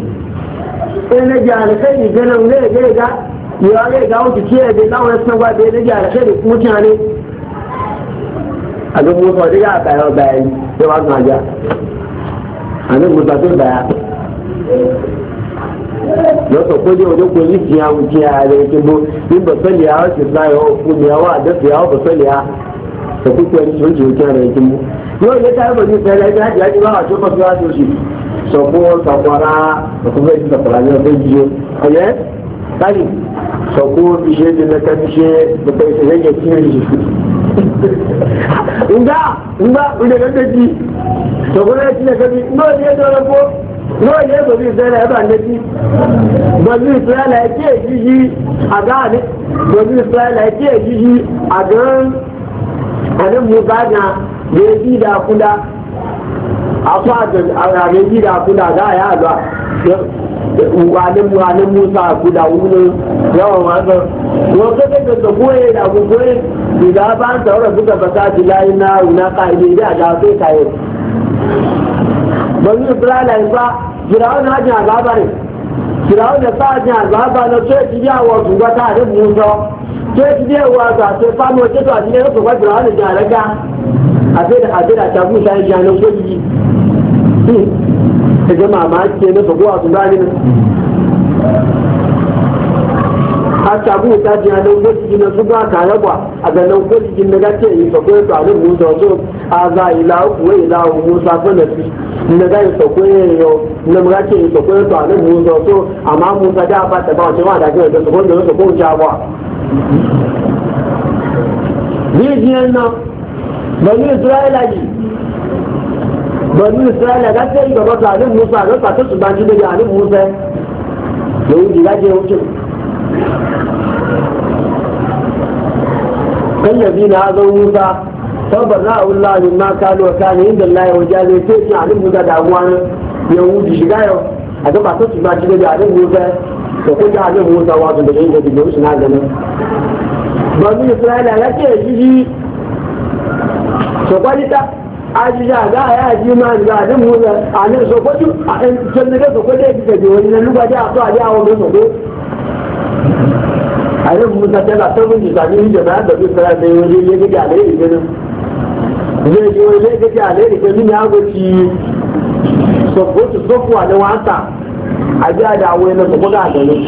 in e na ji alkhairi ganin ne ga ga ya ga ga wuce ce da na wani sanwa da na ji alkhairi mutane a ga musa da ya bayan bayan da ba su haja a nan musa da bayan lọ́sọ̀ kó dé ọjọ́ pẹ̀lú ìfì àwọn ìfì ààrẹ ìṣègbò ní bọ̀sẹ̀lì àwọn ti sá ẹ̀ ọkùnrin àwọn àdẹ́sẹ̀ àwọn bọ̀sẹ̀lì à ẹ̀kú pẹ̀lú ìṣòjì ìfì ààrẹ ìṣègbò. yóò yẹ táyà bọ̀ ní ìfẹ́lẹ́ ẹgbẹ́ àjẹ́ àjẹ́ báwà tó fọ́sọ́ láti oṣù sọ̀kú sọ̀kọ̀ra ọ̀kúnfẹ́ ti sọ̀kọ̀ra ní ọ̀fẹ́ jíjẹ ọ̀yẹ́ báyì sọ̀kú iṣẹ́ ti lẹ́kẹ́ ti ṣe gbogbo ìṣẹ̀lẹ̀ yẹ kí ẹ̀yìn ṣe. ǹgbà ǹgbà ìdẹ̀kẹ́ ti sọ̀kú lẹ́kẹ́ ti lẹ́kẹ́ ti ní ọ̀dẹ́ ẹ̀dọ́ ọ̀rọ̀ wọ́n yẹ gbòmí ìbẹ̀rẹ̀ ẹ̀bà létí gbòmí ìfẹ́lẹ̀ ẹ̀kí èyíyí àgáàdé gbòmí ìfẹ́lẹ̀ ẹ̀kí èyíyí àgán ẹ̀dẹ́ mùsàgà lèyí ìdàkúdà afọ àgbẹ̀ yí ìdàkúdà àgáàyà àgbà wàlẹ́mú alẹ́mú sàkúdà wúlò yọ̀wọ̀ wọn sọ wọn kéde gbèsè kúrè ìdàkú kúrè ìdàbà ń sọ̀rọ̀ fún kàfàtà àti láyé náà wùnà ká da ìdí àgbà fẹ́ yi. bani ibrahim ba firawun hajji azaba ne firawun da sa hajji azaba na to e ti ya wa su ta da mun zo to e ti ya wa ga to fa mo ce to a ne ko ba firawun da raga a sai da abin a ta sai ya nan ko yi ta jama'a ma ke ne ko a su ne ta bu ta ji nan ko ji na zuba ka raba a ga nan ko ji na ga ce yi sako to alu mu da so a za ila ku wai la mu sa ko na fi na ga sako yo na mu ga ce yi sako to alu mu da so amma mu da ba ta ba ce wa da ga da sako da sako ja ba bidiyan nan bani isra'ila ji bani isra'ila ga sai gaba ta alu musa ga ta su ba ji da alu musa da ji ga je wuce kallabi na hazon musa sabar na Allah min ma kalu wa kana inda Allah wa jaze ce shi alin musa damuwa ne yahudi shiga yau a ga ba ta su ba shi da alin musa da kuma alin musa wato da yin da biyu na ganin ba mu Isra'ila ya ce shi shi so kwalita ajija ga ya ji ma ga alin musa alin so kwatu a ɗan can daga so kwatu ya ga wani na lugwaje a so a ji wani so kwatu a yau musa tana ta mun jama'a da zai tsara da yau ya gaji alayi ganin zai yi wani ya gaji alayi ganin na wasa a ji a dawo yana su kuka a ganin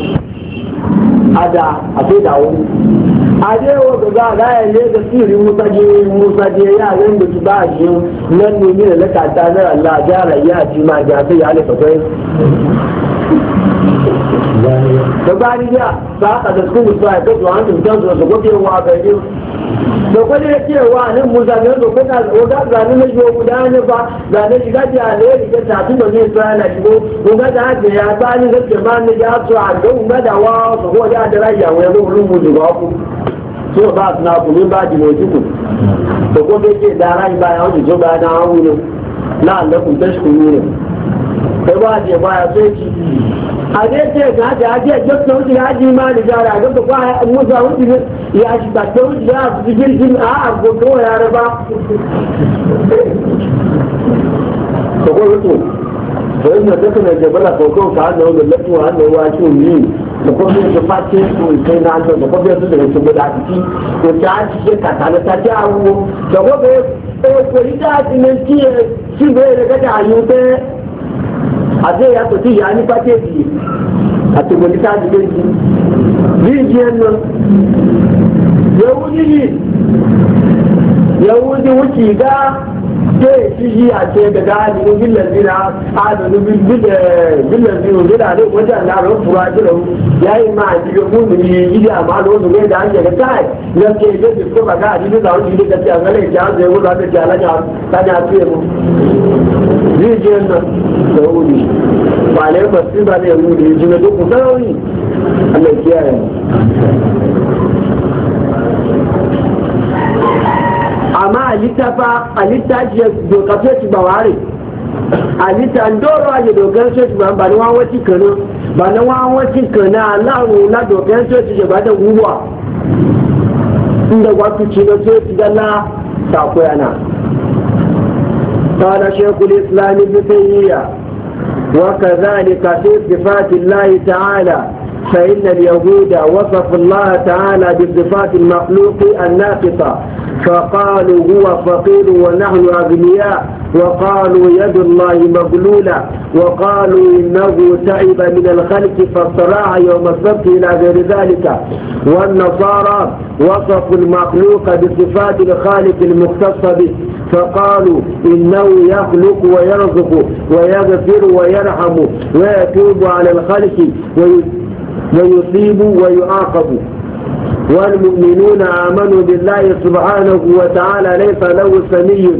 a da a sai ga za a gaya da sirri musa je ya yin su ba a ji nan ne na da bani ya ba ka da su ba da to an tun da su gobe wa ga ne da kwani da wa nan mu zane da ko da ko da zane ne yo guda ne ba zane shi gaji a ne da ta tun da ne sai na shigo ko ga da da ya ba ni da jama'a ne ya so a ga mu da wa ko ko da da rayuwa wai mu rumu da ba ku so ba na ku min ba ji mu ku da ko ke da rai ba ya wuce ba na hawo ne la'allakum tashkurun kai ba je ba ya sai ci. a gente àti àti ẹ̀jọ́ tó ń ti yá di máa lè dára àgbẹ̀tọ̀ kó àmúṣọ àwọn ti fi ìyá àṣìgbà tó ń ti yá àti fi kí ni àgbo tó wà yára bá. Kọ̀kọ́ ló tó, não ni ọ̀dọ́ kìnnà ìjọba là kọ̀kọ́ kàánà ọ̀nà lẹ́kùn àánà wa aṣọ yìí. Kọ̀kọ́ bí ẹ̀sọ́ bá ti ń fún ìfẹ́ náà lọ, kọ̀kọ́ bí ẹ̀sọ́ lè ṣògbọ́dọ̀ àti tí kò tá a ti ṣe kàtàlẹ́ tàbí àwọ̀. Kọ̀kọ́ bẹ́ẹ̀ èèpè yìí dáa ti lè kí ẹ̀ sí ìbéèrè kẹ́kẹ́ àyùn bẹ́ẹ̀. àti èyà kò sí ìyá ní pàtẹ́ẹ̀dì àti pòlítà àdìgbèjì bí ìjì ẹnu yẹ̀wù yíyí yẹ̀wù ni wọ́n kì í dá sai shi a ce da galibu billan zina adalin billan zina zina ne wajen na fura jiran ya yi ma a cikin mumuni yi da ma da wasu ne da hanyar da ta yi ya ce da su kuma ga adini da wani da ta zala ya jihar zai wuza da jihar lanya lanya fiye mu zai je nan da wuri ba masu ba ne mu da ji na duk sarari Allah ya kiyaye amma alittafa alittaci ya dokafe ci ba ware alita ndoro aje dokan so ci ba ni wa wati kana ba ni wa wati kana alawo la dokan so ci ba da guwa inda watu ci na so ci dalla ta koyana قال وكذلك في صفات الله تعالى فإن اليهود وصفوا الله تعالى بصفات المخلوق الناقصة فقالوا هو فقير ونحن أغنياء وقالوا يد الله مغلولة وقالوا إنه تعب من الخلق فاصطراع يوم السبت إلى غير ذلك والنصارى وصفوا المخلوق بصفات الخالق المختص به فقالوا إنه يخلق ويرزق ويغفر ويرحم ويتوب على الخلق ويصيب ويعاقب والمؤمنون آمنوا بالله سبحانه وتعالى ليس له سمي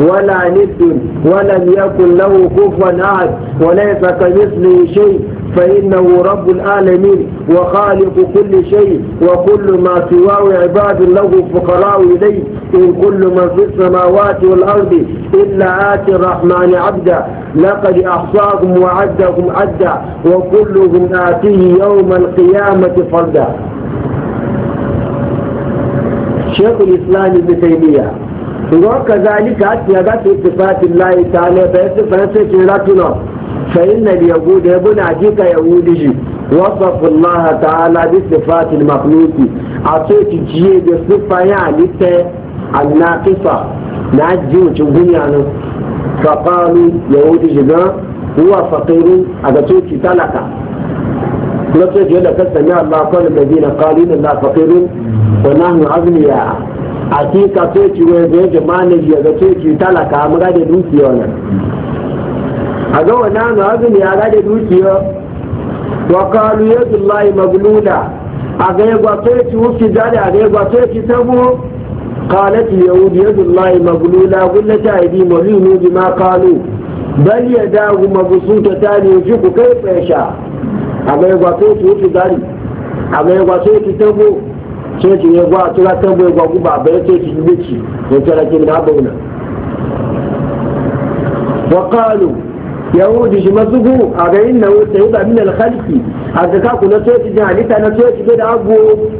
ولا ند ولم يكن له كفوا أحد وليس كمثله شيء فإنه رب العالمين وخالق كل شيء وكل ما سواه عباد له فقراء إليه إن كل من في السماوات والأرض إلا آتي الرحمن عبدا لقد أحصاهم وعدهم عدا وكلهم آتيه يوم القيامة فردا شيخ الإسلام ابن تيمية وكذلك أتي صفات الله تعالى فيصف فنسيت فإن اليهود يبون عجيك يهودي وصف الله تعالى بصفات المخلوق أعطيك جيه بصفة يعني الناقصة نعجي وتبني عنه فقالوا يهودي جدا هو فقير أعطيك تلك نصيك يدك سمع الله قال الذين قالوا إن الله فقير ونحن أغنياء أعطيك أعطيك ويبيج مانجي أعطيك تلك أمغادي دوسي a ga wani anu azumi a gade dukiya wa kalu ya zullahi maglula a ga ya gwato ya ci wuki zari a ga ya gwato ya ci sabu kalat yahudi ya zullahi maglula gulla ta yi bima rinu bi ma kalu bal ya dagu mabusuta ta ne ya ji ku kai fesha a ga ya gwato ya ci wuki zari a ga ya gwato ya ci sabu sai ci ya gwato ya ci sabu ya gwaku ba bai sai ci ibici ya tsara kin da abu wa kalu yahudu shi mazugu a ga yin nawo sai ba min alkhalqi a ga ka kula sai ji halitta na sai ji da abu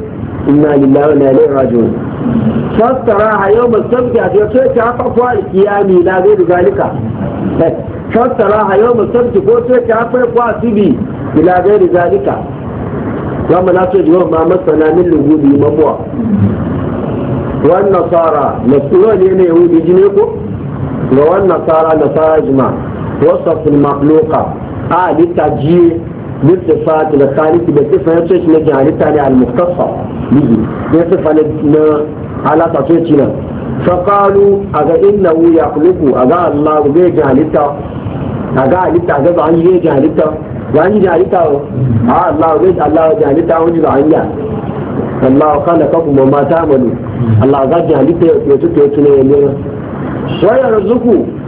inna lillahi wa inna ilaihi raji'un فاستراها يوم السبت يتوتي عطفوا القيامي لا غير ذلك فاستراها يوم السبت يتوتي عطفوا سبي لا غير ذلك لما لا تجوه ما مسنا من لغوبي مبوع والنصارى مسؤول يعني يهودي جنيكو والنصارى نصارى جماعه وصف المخلوقة آه للتعجيل للصفات الخالقة بصفة يتشيش نجي عن على المختصة لجي بصفة على تطويتنا فقالوا أغا إنه يخلق أغا الله بيجي عن التالي أغا عن التالي أغا عن يجي عن التالي يعني آه الله بيجي الله جعلته وجب عن الله خلقكم وما تعملوا الله غا جعلته يتوتو يتوتو يتوتو ويرزقوا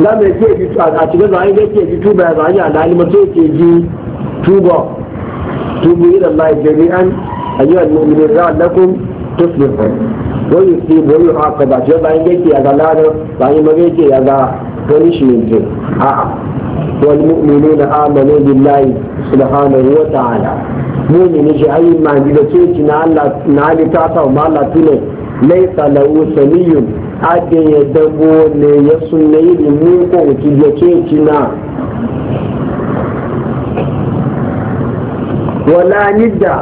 lámì ẹ̀kí èjì àtìgbẹ́sọ̀ to ẹ̀kí èjì túbọ̀ ẹ̀sọ̀ ayé àdáyémọ́ tó èkì èjì túbọ̀ túbọ̀ yìí lọ́la ìjẹ̀bi án ayé àlùmọ́mìnir ráàlẹ́kùn tó sì fẹ́ yi yìí sí ìbò yìí àkọ́bà tí ó bá yẹ kí ẹ̀dá láàárọ̀ báyìí mọ́ kí ẹ̀dá pọ́níṣìmẹ̀ntì àà wọ́n mú Wani ní na ámàlú bí láì sùlùhánà wọ́n tààlà mú mi ní ṣe ayé màá jìdọ̀ tó èkì náà lè tààtà ọ̀ ake ya dabo ne ya sunne yi mu ko ki ya ce kina wala nidda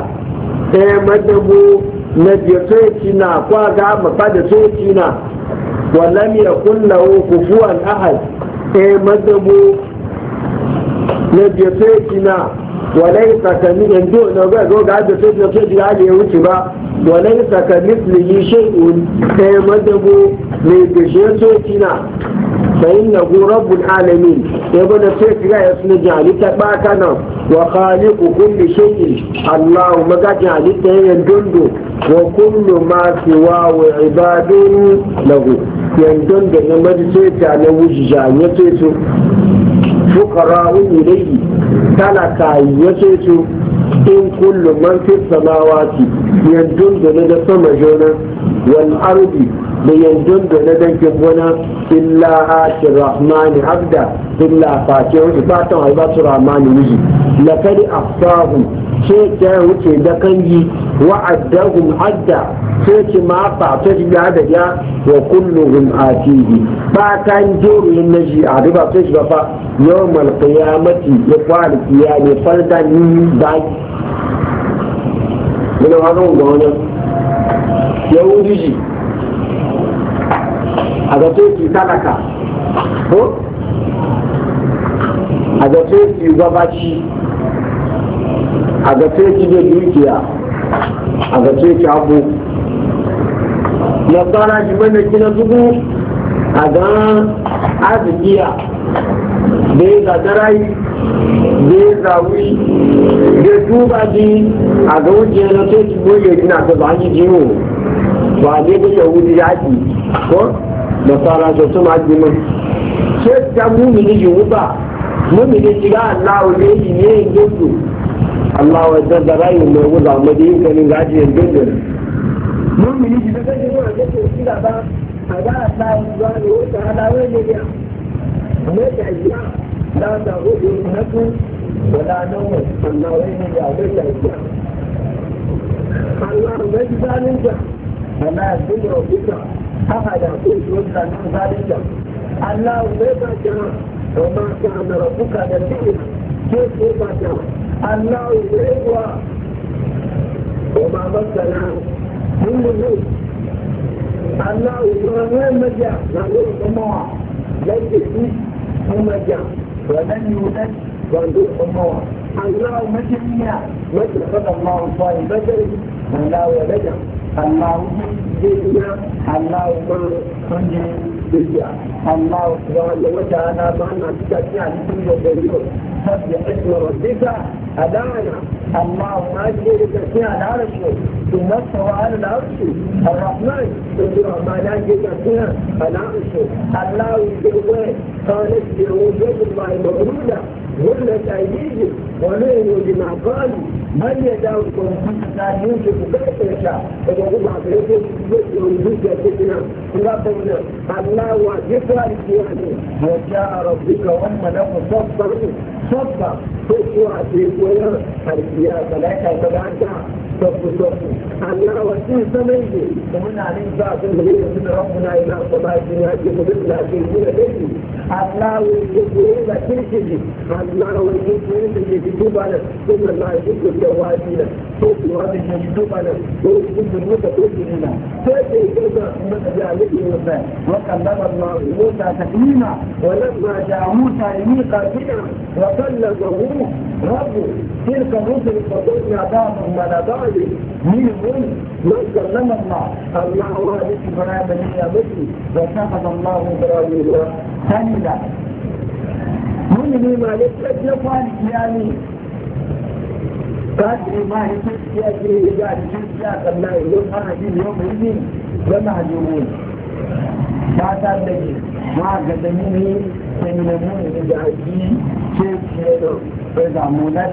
e madago na je ce kina kwa ga mafa da ce kina wala mi ya kulla kufuwan ahad ɗaya e madago na je ce kina walai sakani yanzu wani ga zo ga da sai da ke ji ga ya wuce ba walai sakani su yi shaidun ɗaya madabo mai gashe soki na bayin na gurabun alamin ya bada sai ki gaya suna ji halitta ba kana wa kali ku kulli shaidi allah maga ji halitta ya yandondo wa kullu ma siwa wa ibadun lahu yandondo ya madabo sai ta na wuce ji halitta fuqara'u ilayhi talaka yace su in kullum man fi samawati yandun da na sama jona wal ardi لينجن بلدن كبونا إلا آت الرحمن عبدا إلا فاتحه إباتا وإبات الرحمن وجي لقد أخطاهم شيء كان وكي دكنجي وعدهم عدا شيء ما فاتح بهذا جاء وكلهم آتيه فكان جور النجي عربا تشبه يوم القيامة يقال يعني فردا من بعد من هذا يهودي a zato ki talaka ko a zato ki gabaci a zato ki da dukiya a zato ki abu na fara shi mana kina zubu a ga arzikiya da ya zadarai da ya zawi da duba ji a ga wuce na so ki goge kina ta ba ni jiwo ba ne da yahudi yaki ko nasara to sun haɗi min ce ta ba. yuba mumini shiga allahu ne yi ne yin gudu allahu ta da rayu mai wuza amma da yin kanin gaji yin gudu da shiga kan yi wani gudu da ba a ga allahu zuwa ne wata halawar ne ya amma ta yi da ta hudu hatu wala nawa allahu ne ya bai ta yi Allah bai da Allah ya zuwa أحدا يمكن ذلك الله ماذا جرى وما كان ربك نسيا كيف ما جرى الله يقوى وما مثلا كل نور الله يقوى ما جاء نقول الله ليس فيه وما جاء ولن يولد ونقول الله الله مجمع مثل الله صاحب بشر ولا ولد الله جيتنا الله يقول كنجي بالجا الله سبحانه وتعالى ما نستطيع أن نكون بالجوع سبح اسم ربك أدانا الله ما يجري تسميع العرش ثم استوى على العرش الرحمن يقول الرحمن لا يجري تسميع العرش الله يقول قالت له يد الله مغلولة غلت أيديهم ولعنوا بما قالوا من يدعو القرآن لا يوجد كيف يشاء ويقول بعض الرجل يوجد فتنة ربنا الله واجب على وجاء ربك وما له صفا صفة تسوى في كل حرفية ثلاثة ثلاثة صف صف الله وسيل سميدي ومن عليم بعض الغير من ربنا إلى السماء الدنيا يقبل لها في كل بيتي الله ويجبرين لكلكي الله ويجبرين لكي يجب على ثم الله يجب الجوازين صوت وهذا يجب على ويجب المتقوم هنا فإذا كذا من ذلك موسى وكلم الله فبلغهم ربه تلك الرسل فضلنا بعضهم على بعض منهم من كلم الله الله والد ابراهيم بني ابي واتخذ الله ابراهيم خليلا من يعني. ما يتلف يفعل يعني قدر ما يتلف يجري اذا جئت الله يوم هذه اليوم يجي ومعلومين ta da ke ma ga da mini da nuna muni da aji ce ce da bai na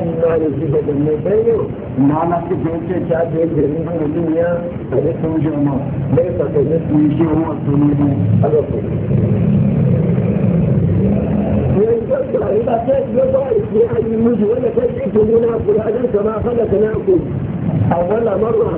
ni na da shi da ne bai yau na na su ke ce ta da ke ni da ni ya da ne sun je ma bai ka da ne su shi ruwa su ne ne a ga ku أول مرة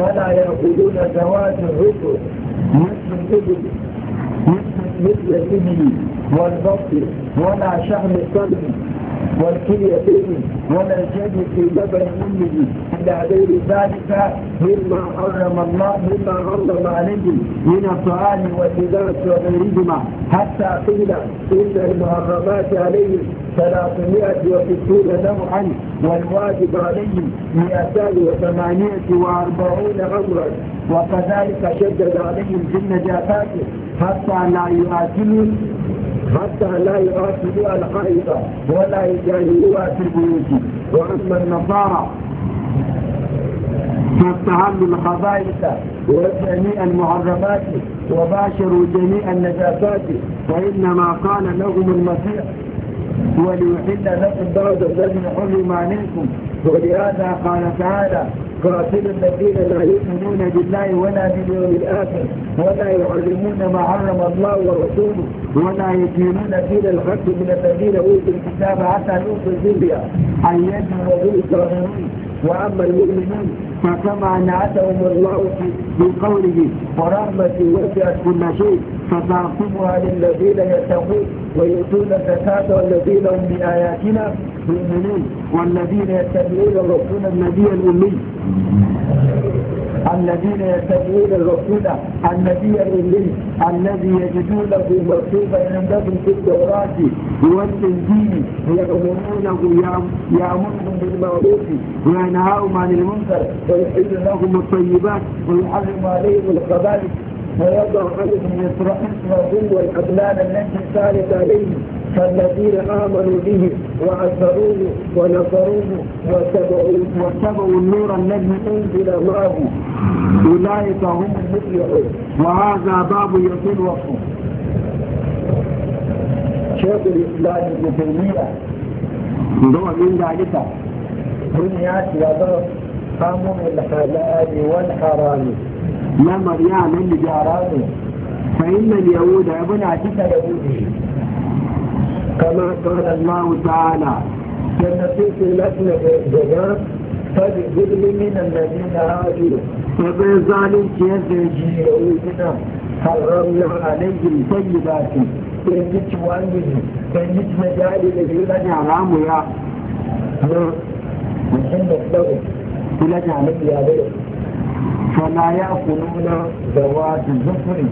فلا يأخذون زواج الرجل مثل الإبل مثل مثل الإبل والبط ولا شحم الصدر والكليتين ولا شهد في لبن أمه إلى غير ذلك مما حرم الله مما حرم عليه من الطعام والإدارة وغيرهما حتى قيل إن المحرمات عليه 360 نوعا والواجب عليه 248 عمرا وكذلك شدد عليهم في النجافات حتى لا يؤكلوا حتى لا يراتبوا القائدة ولا يجاهلوها في البيوت وأما النصارى فاستعملوا الخبائث وجميع المعربات وباشروا جميع النجاسات فإنما قال لهم المسيح وليحل لكم بعض الذي حرم عليكم ولهذا قال تعالى قاتل الذين لا يؤمنون بالله ولا باليوم الآخر ولا يعلمون ما علم الله ورسوله ولا يدينون دين الحق من الذين أوتوا الكتاب حتى يؤتوا الجزية عن يد وهم وأما المؤمنون فكما نعتهم الله في قوله ورحمتي وسعت كل شيء فسأقومها للذين يتقون ويؤتون الزكاة والذين هم بآياتنا المؤمنين والذين يتبعون الرسول النبي الأمي الذين يتبعون الرسول النبي الأمي الذي يجدونه مكتوبا عندهم في التوراة والإنجيل يأمرونه يأمرهم بالمعروف وينهاهم عن المنكر ويحل لهم الطيبات ويحرم عليهم الخبائث فيضع عليهم وظل والأبلاد التي سالت عليهم فالذين آمنوا به وعزروه ونصروه واتبعوا النور الذي أنزل معه أولئك هم المفلحون وهذا باب يطول وقته شيخ الإسلام ابن تيمية هو من ذلك دنيا وضرب قاموا بالحلال والحرام na maryam nan lijara ne fa inna yahuda yabuna tika yahudi kama qala Allah ta'ala jannatu tilmatna jannat fa bi dhulmin min alladhina hadu fa bi zalimti yazi yahudina حرمنا عليهم طيبات كنت وانجز كنت مجالي لجلنا عرام يا وحنا لو كلنا عليك يا بيه fana ya kunu na dawa da zufuri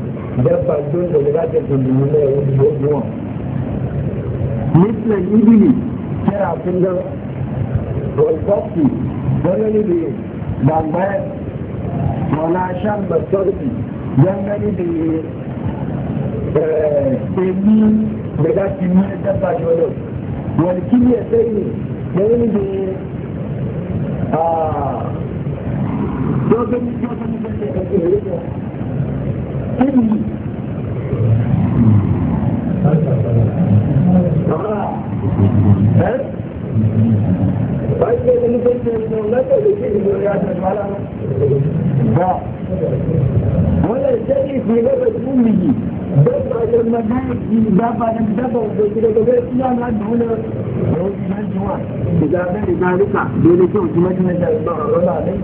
da bandun da wuri zafin tunduru na yawon gogowa mislan ibili kera kun da rolfati wani libi bambaya wana shan basorbi yan gani da yi emi da gaki ne da bajoro wani kimiyya sai ne da wani da yi ولا شيء في لبس أمه دفع لما جاءت دفع لما دفع وكذا كذا لا نعد هنا إذا كان ذلك بينك وتمجمد الله عليه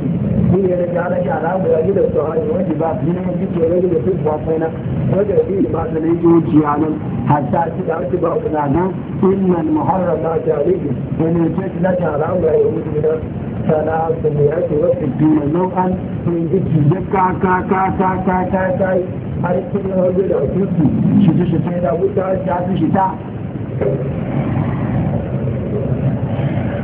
mun yana da ana shara mu ya gida to hali ba ni ne kike rage da duk ba kai na wanda bi ba da ne yoji anan hatta shi da wata ba kuna nan innal muharrama jaribi wani ce da shara mu ya yi da sana da ne ya ce wasu dina nau'an sun ji da ka ka ka ka ka ka ka har da kuki shi shi shi ta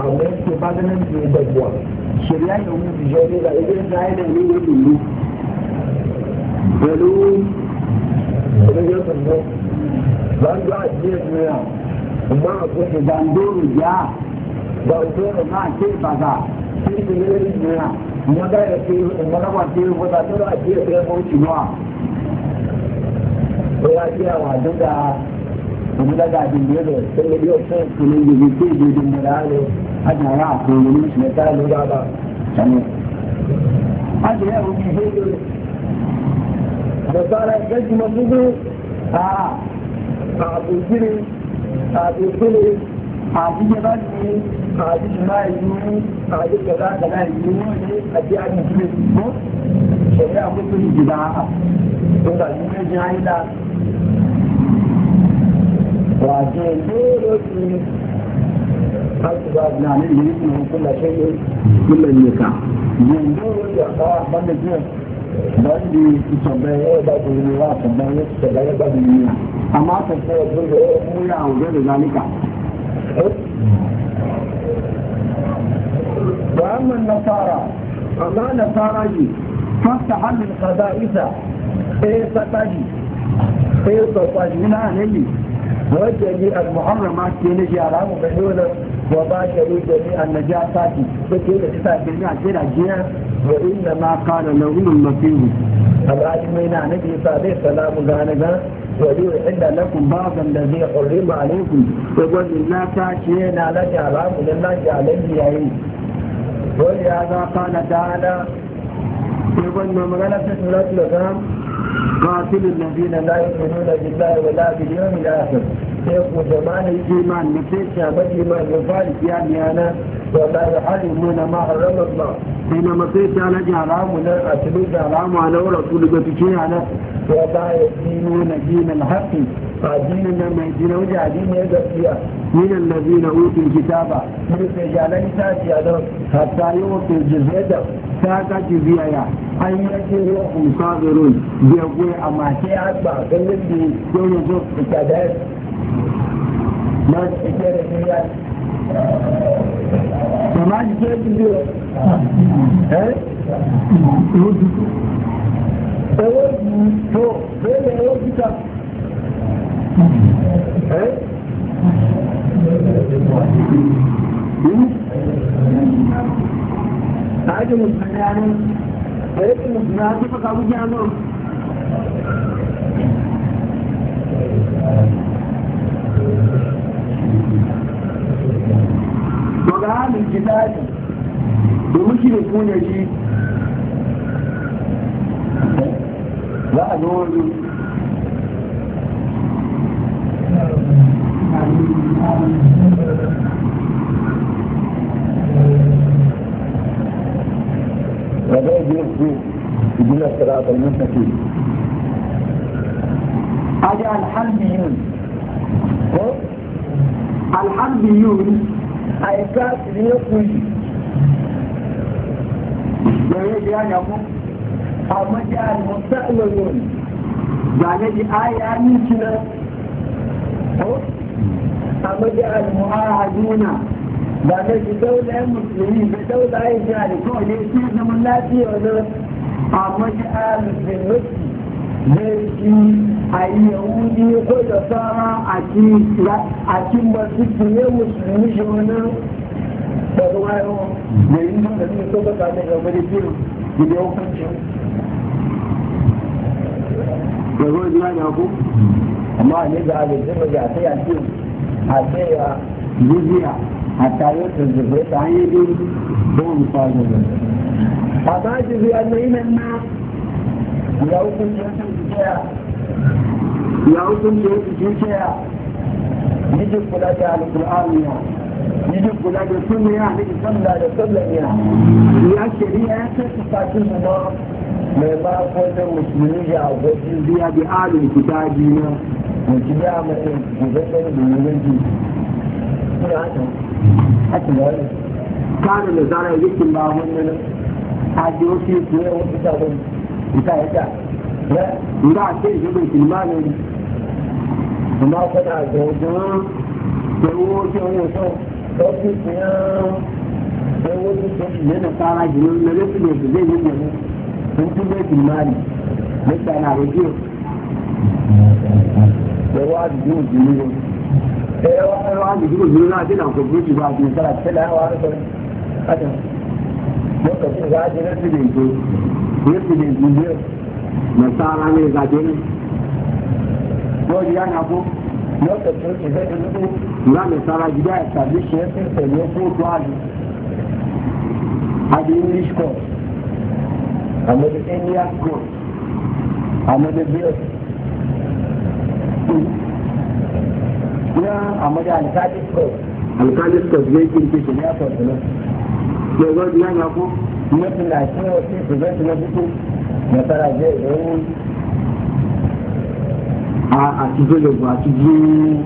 àwọn ẹ̀sìn bá dẹ́nà ti ń bẹ̀bọ̀ ṣèlú àyẹ̀wò ìjọ nígbà ilé ìta ẹ̀dẹ̀ ní ìlú ìlú pẹ̀lú ìrẹ́jọ́ tọ̀tọ̀ lọ́jọ́ àti ìrìnà ìgbà ọ̀tọ̀ ìdàndóró yá dọ̀tọ̀ máa ké bàbà tó kuma daga abin da ya da sai da yau sai kuma yi ne sai da din murale hada ya a kuma ne shi ta lura ba sani hada ya rubi sai da tsara gaji masu a abu gini abu gini abu gaba ne abu jima'i ne abu gaba da na yi ne a ji abin gini ko shari'a mutum gida a ko da yi ne jihar وعشان دول حتى بعد نعمل منهم كل شيء كل النكاح من دول يقع بند بند تصبيه بعد النواة تصبيه تصبيه بعد النواة أما تصبيه تقول إيه مويا أو غير ذلك وأما النصارى أما النصارى فاستحل القبائث إيه ستجي إيه ستجي من أهل وجميع المحرم ما كيني جي على مبهولة وباشروا جميع النجاة ساكي فكيلة كتاب بالنعا جينا جينا وإنما قال نوين المفيد الآج مينا نبي صالح سلام دانگا وليو إلا لكم بعضا الذي حرم عليكم وقال لله تاكينا لك على مبهولة جعلني يعين ولهذا قال تعالى يقول ما مغلقت سورة لغام قاتل الذين لا يؤمنون بالله ولا باليوم الآخر يقول جمال الإيمان نفيت شابت الإيمان يا ميانا ولا يحرمون ما حرم الله بينما تيت على جعلامنا أتبيت جعلام على رسول بتكي على ولا يدينون دين الحق فديننا ما يدين وجع دين يدفيا من الذين أوتوا الكتاب من رجالين تاتي أدرس حتى يوطي الجزيدة ساكا جزيايا أن يجي وهم صابرون بيقوي أما شيء أكبر كل الذي يوجد في Màmá ti fẹ́ ti lé ọ. Ẹ́ ló Owó yìí tó bẹ́ẹ̀ owó títà. Ẹ́ Sáájú Mùsùlùmí Adé, ẹ̀rẹ́ tí Mùsùlùmí Adé fọ́ta wújá náà. daga hannun kitabi da muke da kuna shi za a zo wani وده يجب يجينا الصراط المستقيم أجعل حمدهم alhamdulillah àìká ìrìnlẹ̀ kù yìí lẹ́yìn ìdí àyàmú àwọn jẹ́ àyàmú sẹ́lẹ̀ lónìí gbàlejì àyà ní ìtura àwọn jẹ́ àyàmú ara àdúnà gbàlejì dọ́wọ́lẹ̀ mùsùlùmí ìgbẹ́ dọ́wọ́lẹ̀ àyè jẹ́ àdìkọ́ ilé tí ó zama láti ọ̀dọ́ àwọn jẹ́ àyàmú sẹ́lẹ̀ lónìí zai a yi yahudi ko da fara a cikin masu fiye musulmi shi wani da zuwa yau da yi nan da suke soka ta daga wani biyu da ya hukunci da zuwa jina ne ku amma ne ga abincin da ya sai a ce a ce a jijiya a tare da zubai ta hanyar yin don fara da ba ta jijiya na yi nan na guda uku ne wasu tsaya guda uku ne wasu tsaya nijin kula da alƙur'aniya nijin da sunniya da sallaniya ya shari'a ya kai sifatun mu ma mai ba ko da musulmi ya wasu biya da alin kitabi na mutum ya mai gudanar da yanzu kuna haka haka da wani kare da zara yake ba wannan a jiyoyi su yawan kusa wani ìta ẹ̀ta ìgbà àti ìjọba ìsìnmá ni ọmọ ọ̀pẹ̀ta àgbẹ̀ ọ̀gbọ̀n owó tí wọ́n wọ̀ lọ́sí fi owó tí wọ́n ti lẹ́nu sára na lọ lọ́sí lè dùn lẹ́yìn ìwọ̀n ní tí na ti máa àdúgbò ìdílé wọn àdúgbò ìdílé náà dé burúkú tẹ́lẹ̀ àwọn yesterday in Brazil, nasara ne zaɓe ne. Kawai ya na ko, lokacin da zai rubu, na nasara gida ya sabi shi ya fi tsaye ko tuwali. A da English course, a da Indian course, a da Bill. Ya amma da Alkalis course. Alkalis course ne kirkishin ya faru nan. ya na ko, Kuma tuna shi wasu su zai na fito na fara je da wani a ti zo lagos a ti je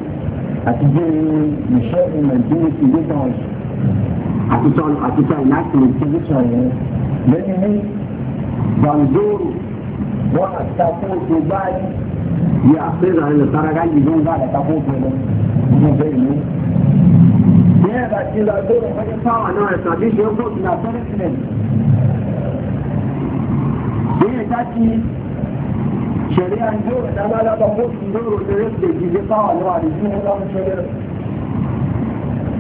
a ti je mishe wasu a ti a ti a ta a ta Yeah, but you are good at your power now, it's not this, you're good, you're not punishment. Yeah, that's it. Sharia and Dora, that's all about what you do, the rest of you, your power now, it's not about Sharia.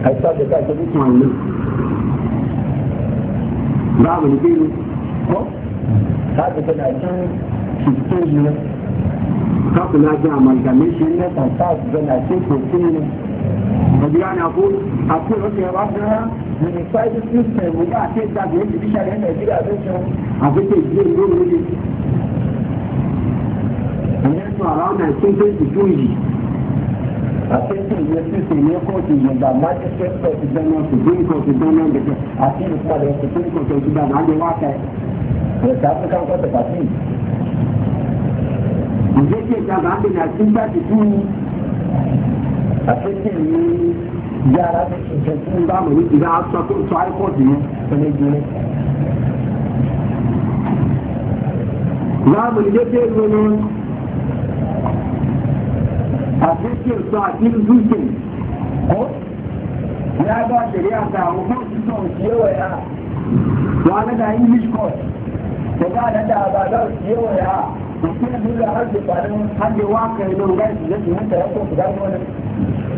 I thought that I could do my new. Bravo, you feel it? Huh? That's the thing I turned, she's still here. Couple of them, I'm going to mention it, and gana ko a kó lọ́sẹ̀ ẹ̀ yara da intattun zamani idan an sa su haifo ne da ne gini zamani da ke zuwa a cikin su a cikin zukin ko ya ba shari'a ta hukun su son kewaya ya na da english course da ba na da ba za su kewaya mutum da har da kwanin har da waka yi don gaji zai yi mutane ko su gano wani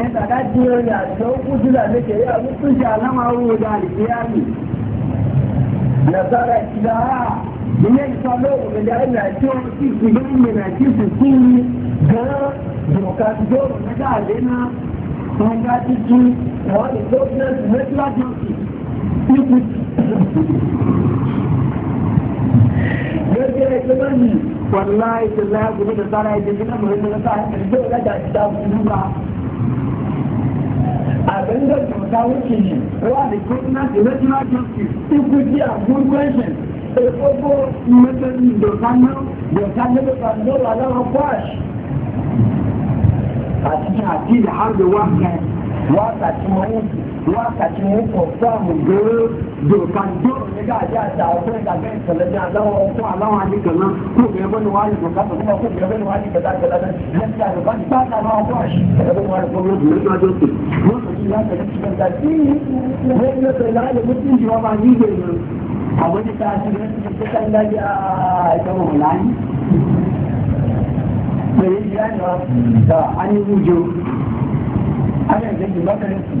in tsada jiyo da yi a mutunci alama wuri da alkiyami nasara kila ilé ìsọlọ òmìnira ilẹ̀ àti ni ti abin da cuta wuce ne wa da kuna da national justice equity and good question ekoko mmetani doka na doka na doka na doka na kwash àti àti ìhàlù wa kẹ wa tàtí wọn yẹn wákàtí ń kọ̀ fọ́ọ̀mù gbèrè yorùbá tó nígbà àti àti ní aláwọ̀ aláwọ̀ kó bẹ̀rẹ̀ bẹ̀rẹ̀ ní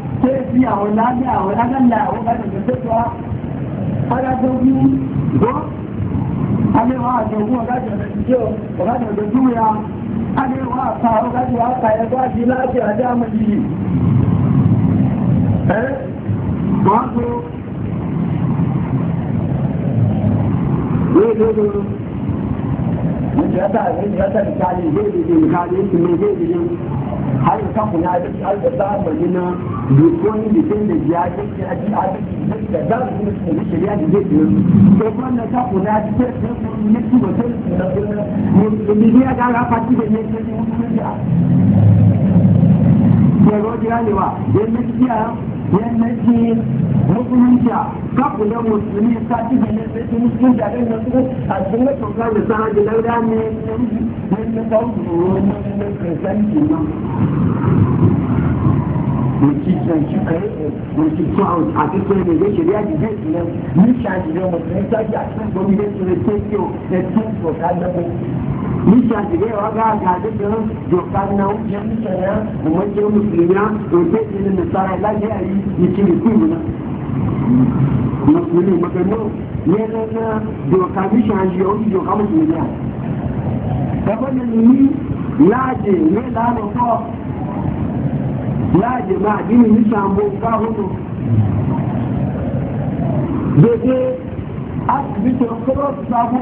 sí àwọn lágbà àwọn lágbàlá àwọn gbàgbà tó wá adájọ́gbú gbọ́ àjọ̀gbú ọ̀gájọ̀ ya alẹ́wà àpá ọ̀gájọ̀ àpá ẹgbẹ́ àti láti àjá àmàlìyì ẹ́ wọ́n tó lóòdòdó ìjọta ìjọta ìkàlẹ̀ ìgbé ìdìdì ìkàlẹ̀ ìgbé ìdìdì har ka kuna da shi da zamani na da sai da ya ce a ji a da da su ne su ne shari'a da su ko kuma ka kuna da ke da ne ki ba sai da ne ne ne ya ga ga fati da ne ne ne ne ne ne ne ne ne ne ne ne ne ne yammaci musulunci kafu da musulmi ta ci da ne sai sun sun da ne su a cikin da tsoka da sana da laura ne ne ne ta wuro ne ne kristanci ma Mùsùlùmí ṣe kẹ́ mùsùlùmí tó àwọn àtúntò ẹ̀mí ìwé ìṣẹ̀lẹ̀ àdìgbé ìṣẹ̀lẹ̀ ní ne ọmọ tó ń sáyé àti ìgbòmìnira tó ń tẹ́tí ò ẹ̀tún ìfọ̀ká lọ́wọ́. Mishan da yawa ga gajin da doka na wucin misaya, wajen musulmiya, dokai jinin nasara lafiya yi yi cini kuma na. Musulmi magano yana na doka mishan shi yau doka musulmiya. Daban da ni laje ne lalata ko laje ma dini mishan bo ka hudu. Daidai asibiti kuma su samu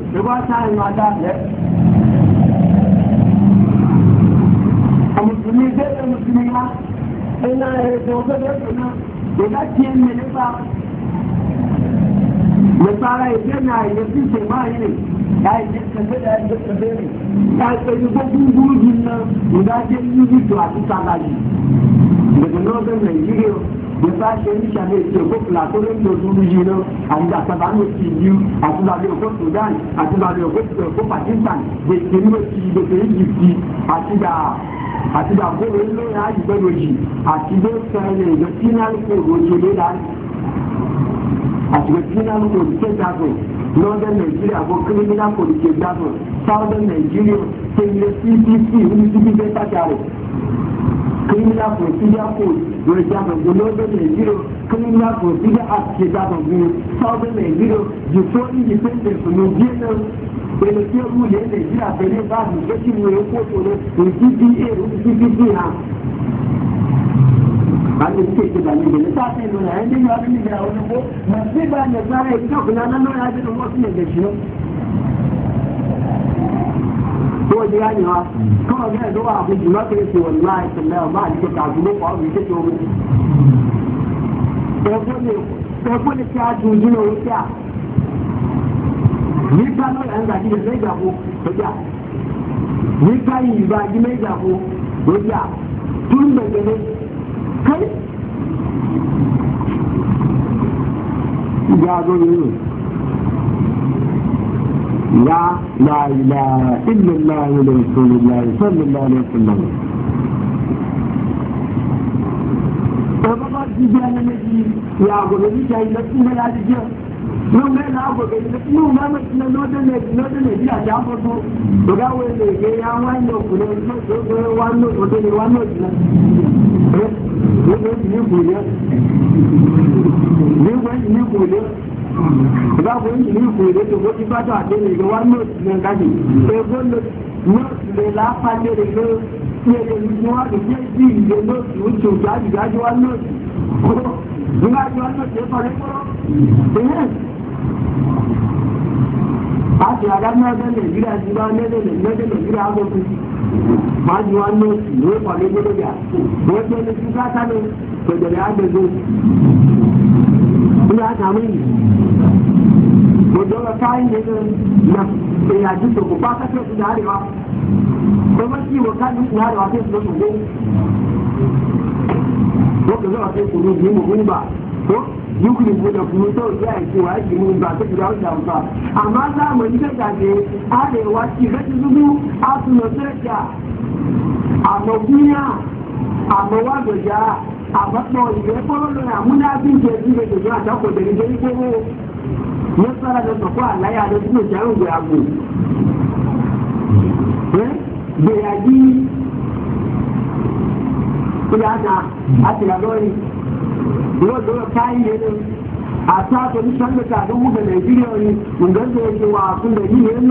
ìwọ́n sáàrin máa dáadẹ́ àmùsùlùmí bẹ́ẹ̀ mùsùlùmí wá ẹ̀nà ẹ̀ẹ́dẹ̀ ọgbẹ́gbẹ́ ìgbòná ya idan ya jana ya fi ke ma yi ne ya yi kafe da ya kafe ne ya a tsayi ko gungurugin nan guda ke yi yi to a kusa laji daga northern nigeria ya sa ṣe ní ṣàlẹ̀ ètò ìkó plateau lẹ́yìn òdúró yìí lọ àti àtàbà ní òsì yìí àti lálẹ́ òkó sudan àti lálẹ́ òkó pakistan gbèsè ní òsì gbèsè egypt àti dà àti dà gbòòrò ńlọrọ àyùbẹ́lòjì àti gbèsè ne ìgbésí náà kò ròjò lé láti. a criminal police ke jaso northern nigeria ko criminal police southern nigeria ke ile cpc wani cikin ke criminal procedure code wani jaso ko northern nigeria criminal procedure act ke jaso southern nigeria before independence no gna pẹ̀lú tí ewu lè nàìjíríà pẹ̀lú báàgì tó ti wọ epo tó lọ òun ti di èrò ti di hàn. ba da suke ke da ne da ta sai nuna yanzu ya wani da wani ko masu ba da tsara ya ta kula nan nan ya ji da wasu ne da shi ko ji ganewa kuma ga zuwa abu jima ka yace wallahi sallahu ma alike ka zuwa ko abu yake to mu ko ne ko ne ta jujuna wuta ni ka no yan da ji da zai ga ko ta ni ka yi ba ji mai ga ko ko ya tun da ne kai ya zo ne لا لا إله إلا الله رسول الله صلى الله عليه ya ya gobe ni ta yi lafiya da mun bai na abu gari mun ma mun na nodin ne nodin ne biya ya fito to ga ya wanda ku ne so so ne wanda ku ne eh ne ne ne ne wai ne ku ne ga ku ne ku ne to ko ti ta ne ga wanda ku ne ga e ko ne ne la pa ne tí èdè yìí ni wọ́n fi gbogbo máa ju wọn lè fi káta lọ pẹ̀lẹ́rẹ́ àgbẹ̀gbẹ́ ní àtàwọn yìí gbogbo ọ̀rọ̀ káyìn nínú ìyàjú tòkó pátákó ìdáríwá kuma shi wa kan a da wa sai su su go ko da wa sai ni mu ba ko yukuri mu da kuma to ya yi wa shi mu ba ta da wata ba amma za mu yi da ne arewa shi a su na sarka a mabuya a mawadoja a matsawa ne ko na bin ji da ta ko da ni ko ya da da yaji kuda haka a tirarori lọ́dọ̀ káyé ní àtàkò ní sọ́kẹ́tà àdúgbò nàìjíríà ni ǹgọ́dọ̀ èdè wà fún mi yìí ni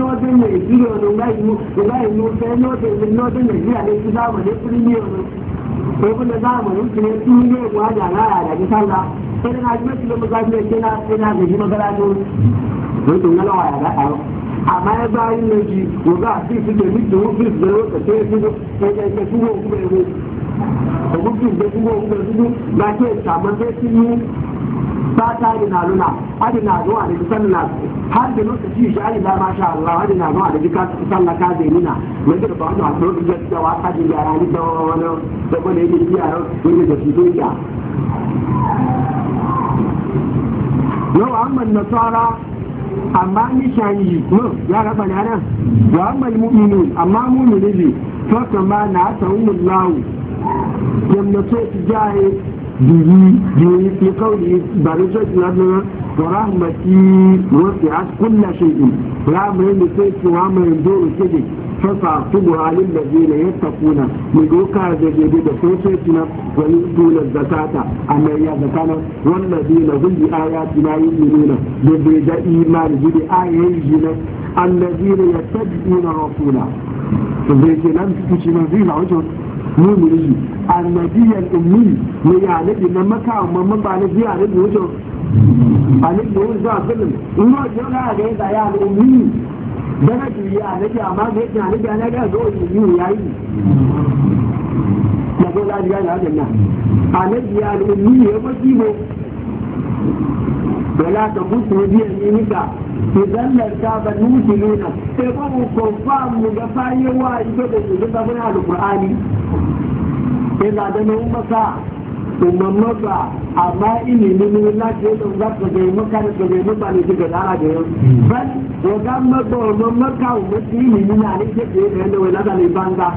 ńgá ìlú ńgá ìlú fẹ́ lọ́dọ̀ èdè lọ́dọ̀ nàìjíríà lè fi dáwọn ní na èbú lè dáwọn ní tìlẹ̀ tí ní ẹ̀wọ̀n àjà amma ya bayan na ji ko za a fi su da mita wufin da wata ta yi fito ya ga su wa kuma yau da wufin da su wa ya su na ke saman zai su yi ba ta yi na luna hadi na zuwa da jisan na har da lokaci shi hadi na masha Allah hadi na zuwa da jikan sallah ka zai nuna wanda da ba wani a tsoron da ya wa ka ji yara ni da wani da wani yake ji yara wanda da su zo ya. Yau amma nasara amma ni shani hmm, ya raba na nan wa ammal mu'minun amma mu'mini ne to kama na ta'umul lahu yamma to jaye bihi bihi fi qawli barajat lana wa rahmati wa fi'at kulli shay'in ne sai ki wa mai dole kike fasa tubu halin da zai na yadda kuna mai da gebe da sosoci na wani tunar zakata a mai ya zakana wanda zai na hulli ayati na yi nuna da bai da imani gidi ayayi jina allazi ne ya tabi na rasula to zai ke nan kuci na zai na wajen mumuni annabiyar ummi mai yanabi na makawa mamba na zai yanabi wajen a nufin wani za a filin ina jira ga yadda ya al'ummi bana duniya a ke amma ga yake na gana ga zo yi ya yi na zo ya na a nan a na biya al'ummi ya mafi mo Bala ta mutu ka, minika idan larta ba nuti nuna sai ba mu kofa mu ga fayewa ido da su ga sabon alƙur'ani sai zaɗa na umasa kuma maza amma ilimi ne lati yadda za ka zai maka da ka zai maka ne daga dara da yau bal wa ga maza wa man maka wa mace ilimi na ne ke da yadda wai lada ne banza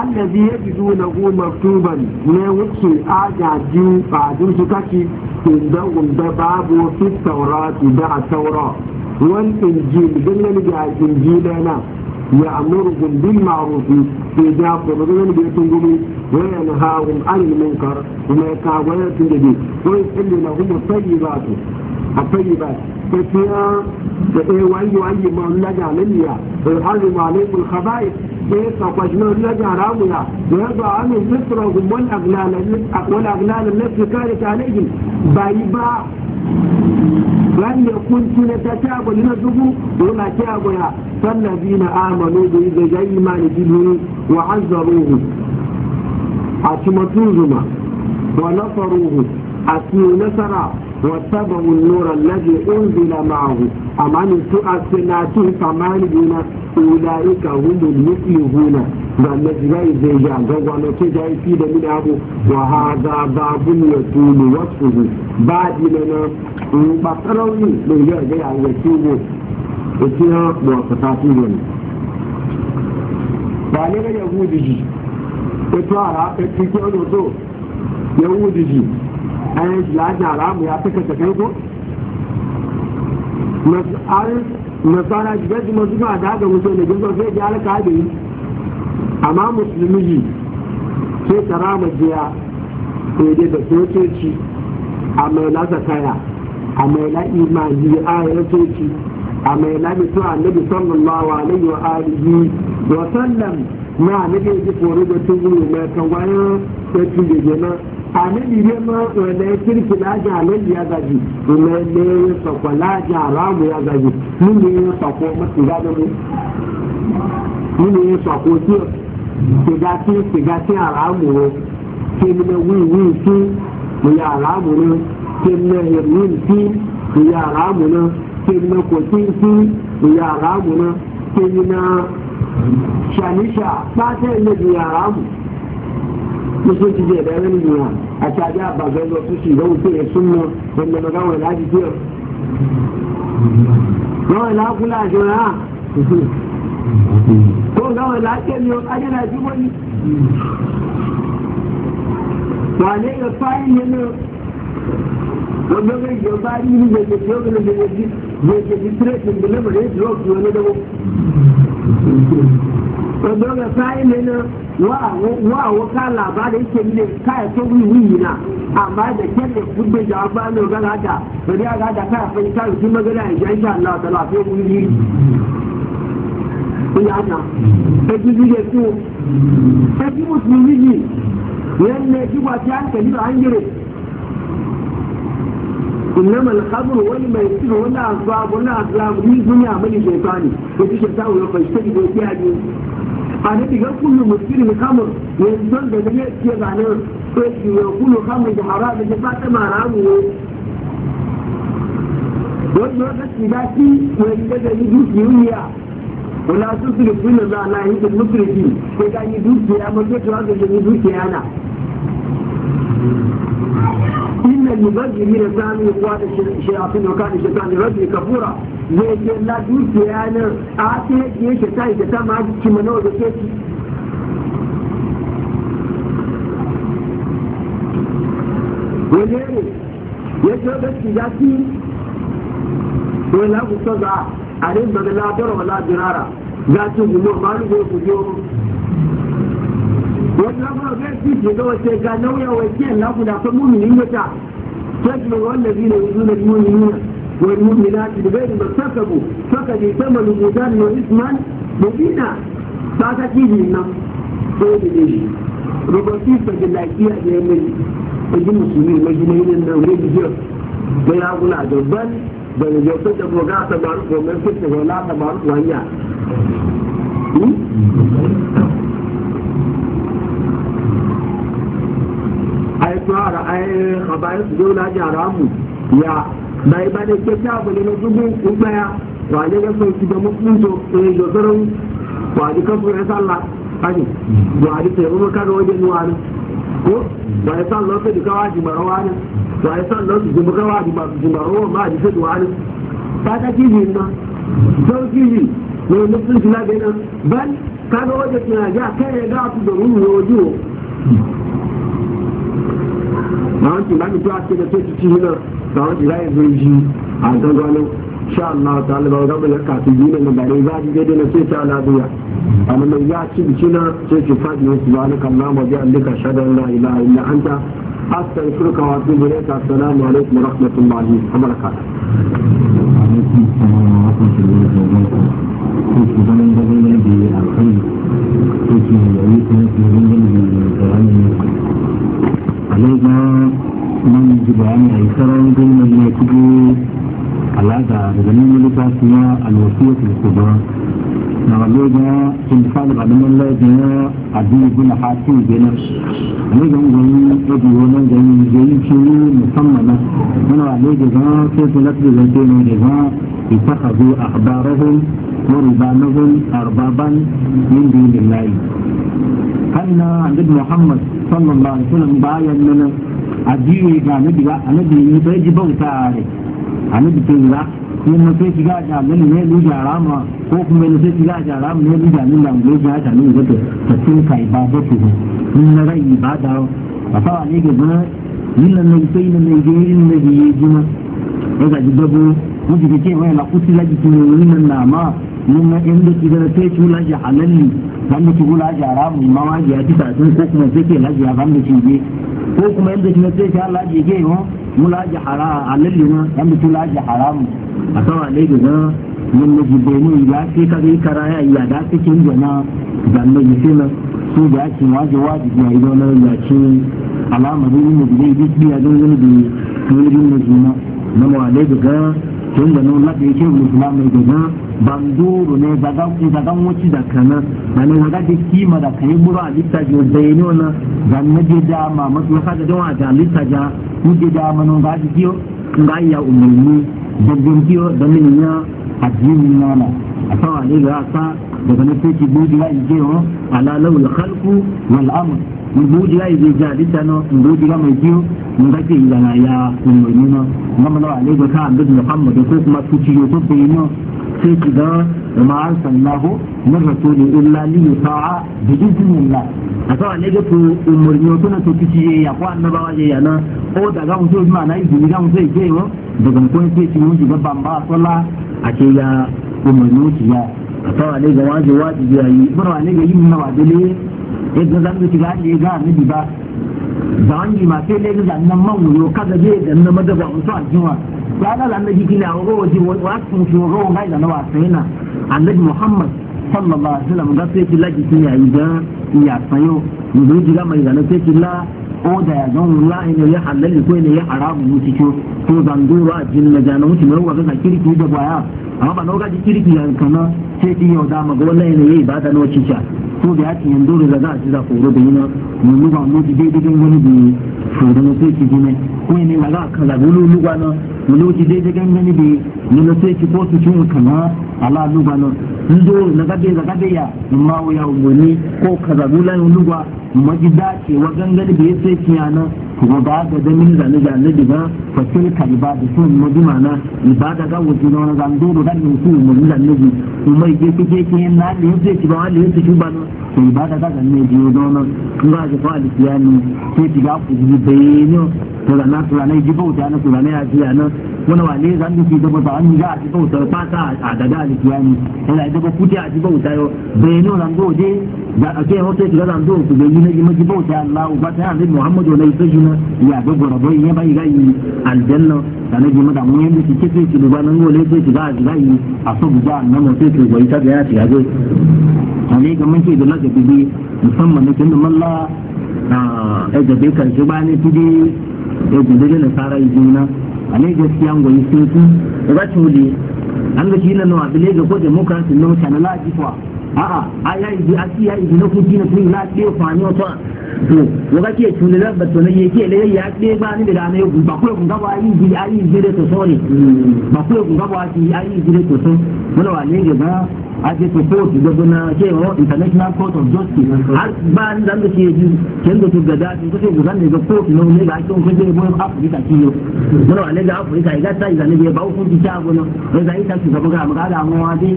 allazi yajidunahu maktuban ne wuce ajaji fadin su kake inda babu fi taurati da a taura wani injil dangane da injilana يأمرهم بالمعروف جاب فرضنا بيتنهم وينهاهم عن المنكر وما يتعويات النبي ويحل لهم الطيبات الطيبات فتيا وأي وأي ما لجع لليا ويحرم عليهم الخبائث كيف قجنا لجع راميا ويضع عنهم ذكرهم والأغلال والأغلال التي كانت عليهم بايبا لن يكون سنة تابو لنزبو ولا تابو فالذين آمنوا بإذا إيمان جلهم وعزروه أتمتوزما ونصروه أتمو نصرا واتبعوا النور الذي أنزل معه أمان أما نتؤسناته فمالبنا أولئك هم المفلحون والذين إذا جاءوا ونتجعوا في دمين أبو وهذا باب يتون وصفه بعد لنا بطلوه من جاء جاء يتوبوا ikiya muwafata su ne ba ne ga yahudi ji ito a ito ke ono to yahudi ji an yi lajin alamu ya fika ta kai ko nasara ji gaji masu ga da ga mutum da gizo zai gyara ka da yi amma musulmi ji sai tara majiya ko yadda da sojoji a mai lasa kaya a mai la imani a yadda sojoji a mai lamitu annabi sallallahu alaihi wa alihi wa sallam na annabi ji foro da tun yi mai kan da tun da gina annabi ne ma wanda ya kirki laja annabi ya gaji kuma ne ya sako laja ramu ya gaji mun ne ya sako masu gada mu mun ne ya sako ki sigati sigati aramu ne ke mina wiwi ki mu ya aramu ne ke yi hirmin ki mu ya aramu ne kemina kotinki yara mu na kemina shanisha fata ina da yara mu musulunci zai da yanar a caji a bazar da su wuce ya sunna wanda na gawar da ake kiyar gawar da kula a jira ko gawar da ake miyo a yana ji wani wane ga fayin yana wanda zai yi ba ni da ke yau da ke ne. they can distract and deliberate drugs to another one. Ọ̀dọ́ rẹ̀ sáyé lé náà wọ́n àwọn ká làbá rẹ̀ ṣe lè káyà tó wí wí yìí náà àmà ẹ̀dẹ̀ kẹ́lẹ̀ fún gbèjà ọgbà náà ọ̀gá làdà pẹ̀lú àgàdà káyà fẹ́ káyà sí mẹ́gẹ́rẹ́ àìjẹ́ ìṣà náà tọ́lá tó wí yìí. Ìyá àná ẹjú líle fún ẹjú mùsùlùmí yìí lẹ́nu ẹjú ne ti à ń tẹ̀lé à إنما القبر ولما يصير ولا أصحاب ولا أصحاب من دنيا عمل شيطاني وفي شيطان ويقع يشتري بيتي عدي أنا بقى كل مسكين خمر ينزل بدنيا كيف أنا يقول خمر حرام جفاة ما رامه وجه بس باتي ويجد يجوز يويا ولا تصرف كل ما لا يجوز المسرفين فكان يجوز يا مجد هذا يجوز يا أنا inna yubaddi min sami qad shayatin wa kan shaytan rajul kafura ne ke la dukiya ne a ce ta ma ki mano da ke Wanyere, ya ce ga ci ya wa ladirara, ya wanda ba ga shi ke ga wace ga nauya wa ke na guda fa mu'mini mata tajma wanda bi ne yuzu na mu'mini wa mu'minati bi bayin masakabu fa ka di sama lugudan wa isman bi dina ba ka ji ni na ko di ni rubati ta da lafiya da yamin ajin musulmi majinai nan da wuri jiya da ya gula da ban da ne ya fita ko ga ta ba ko men fita ko la ta ba ko hanya hmm? ai tuwara ai khabarin su zola jaramu ya bai ba ke ta bane na dubu kuma ya wale ga sauki da mutunto eh da zaran wale ka fura sallah ani wale ta yi maka da wajen wani ko wa ya sallah ta duka waji marawa ne Wa ya sallah su duka maka waji ma su marawa ma ji sai wani ba ta kiji ma sauki ne ne mutunci na bai nan ban kaga wajen tunaji a kai ya ga su da ruhu ne àwọn tí láti tó àkẹ́lẹ̀ tó ti tìyí náà àwọn tí láì da yí àgbẹ̀gbẹ̀ ní ṣá àlá ọ̀tá lọ́wọ́ ọ̀gábẹ̀lẹ̀ na yìí ta bàrẹ̀ ìbá ti dédé náà tó ti àlàáfíà àwọn ọmọ ìyá tí bìtì náà tó ti fàdí ní ṣùgbọ́n ní kàmá ọmọdé àlékà ṣáda ńlá ìlà ìlà àńtà أستغفرك وأتوب إليك السلام عليكم ورحمة الله وبركاته. bayani a sararin gulmin ne kudu alaƙa daga nuna littafi na alwasiyar kubra na wale ga intifal ƙadunan laifin na addini guna hatin gina ne ga ngani ɗabi wani gani zai cini musamman na wani wale ga za su lafi da zai ne da za addini ga annabi ba annabi ne sai ji bauta ne annabi tun ga kuma sai ki ga ja mun ne lu ja rama ko kuma ne sai ki ga ja rama ne lu ja mun nan lu ja ta ne ga ta tun ka ibadatu mun na ga ibada ba fa ne ga ba yin nan sai nan ne ga yin ne ji juma ne ga ji babu ko ji ke wai la kuti la ji nan na ma mun na inda ki ga sai ki la ja halalli ban da ki la ja rama ma ma ya ti ta sun ko kuma sai ki la ja ban da ki ko kuma yadda shi sai ka Allah ji ge ho mula ji haram alalli na ya mutu la ji haram a sama ne da mun ne gibe ne ya ce ka yi karaya ya da cikin jana da ne yi sai su da ake waje waje ya yi dole ya ce alamarin ne da yi biya don yin da yin da juna na wa ne da tun da nan lafiya ke musulmai da banduru ne zagan wuce da kana da ne waga da kima da kai buru a lita ji da yi ne wani zan na je da ma masu wasa da dawa da lita ja wuce da ma nun ga jiyo nga iya umarni da jiyo da min ya addini nana a sawa ne ga sa daga na sai ki budi ya ije ho ala lawul khalqu wal amr mbudi ya ije ja lita no mbudi ga mai jiyo nga ke yi ya umarni no ngama na wa ne ga ka abdu muhammad ko kuma tuci yo ko bayyano sai ki ga san ma arsalnahu min rasuli illa li yuta'a bi a asawa ne ga to umurni ko na to kici ya ko annabawa ya yana o daga ga mutum ma na izini ga mutum sai ke yo daga mu kun sai ki mu ji ban ba sala a ce ya umurni ki ya asawa ne ga waje waje ya yi barwa ne ga yin na wajele ga zan ki ga ne ga annabi ba da wani ma sai ne ga nan man wuyo kaga je da na madaba mutum a jiwa kaga da annabi kina wa waje wa mu shi wa ga da nawa sai na annabi muhammad sallallahu alaihi wasallam ga sai kila ki kina yi ga ya sayo mu zo ji ga mai ga sai kila o da ya zan la ne ya halal ko ne ya haramu mu cikin to zan dora jin na jana mu mu wa ga kirki da baya amma ba na ga kirki ya kana sai ki yau da ma ga wannan ne yayi ba da no cica ko da yakin yanzu da za a ci za ku wuri da na mu ba mu ji daidai gan wani da shugaban na sai ki ko ne ba za a kaza wani luga na mu lu ji daidai gan wani da mu na sai ki ko su cin kana ala luga na zo na gabe da gabe ya ma wuya wani ko kaza wulan luga mu ji dacewa gangan da ya sai ki yana kuma ba ga ganin zane zane da ba fasil ka ibada sun mu mana ibada ga wuce na wani zan dodo da ne su mu ni zane ji kuma ke ke ke ke na ne zai ci ba wani ne ci ba to ibada ga ne ji don nan kuma ga fa alkiyani ke ti ga ku ji bayani tòlànà tòlànà ìdìbò tòlànà tòlànà àtìyànà wọn wà lé zandu fi dọgbọ bàá nígbà àtìbò tòlà pátá àdàdà àlìkìyàní ẹlà ìdọgbọ kúti àtìbò tayọ bẹẹ ní ọlàndó òde àti ẹwọn tó tìlọ làndó òkùnbẹ yìí méjì méjì bò tẹ àlà ògbà tẹ àlẹ muhammadu ọlẹ na yìí náà ìyá àgbẹ gbọrọbọ ìyẹn báyìí ká yìí àlìjẹnà tànà jẹ mọdà mú yẹn ti kéfì ìṣèlú wa náà ń wọlé tó ìṣèlú àdìbá yìí àfọwùgbà ànàmọ tó ìṣèlú wọ ìṣàgbé àti àgbẹ. àlẹ́ ìgbà mọ́tò ìdọ́lá jẹ̀bi bí musamman ní kí n lọ́la ẹ̀jẹ̀ bí kàṣẹ́ bá ní ti dé ya gudure na yi juna a ne gaskiya goyi sun fi za ci wuli an ga shi na nawa bile ga ko demokrasi na mutane na kuwa a'a a ya ibi a ya ibi na kuki na tuni na ɗaya fani wata to waka ke tuni na bato na yake le ya ɗaya ba ni da dana yau ba kuwa kun gaba ayi ibi yi ibi da to so ne hmm. ba kuwa kun gaba yi ibi da to so muna wa ne ga ake to kowace gwagwana cewa international court of justice har ba ni zan da ke yi ken da tuga da su kace gudan da ga court na ne ga ake kun je boy africa ki yo wannan ale ga africa ga ta izan ne ba ku ki ta gona ne zai ta shugaba ga mu ga da mu wade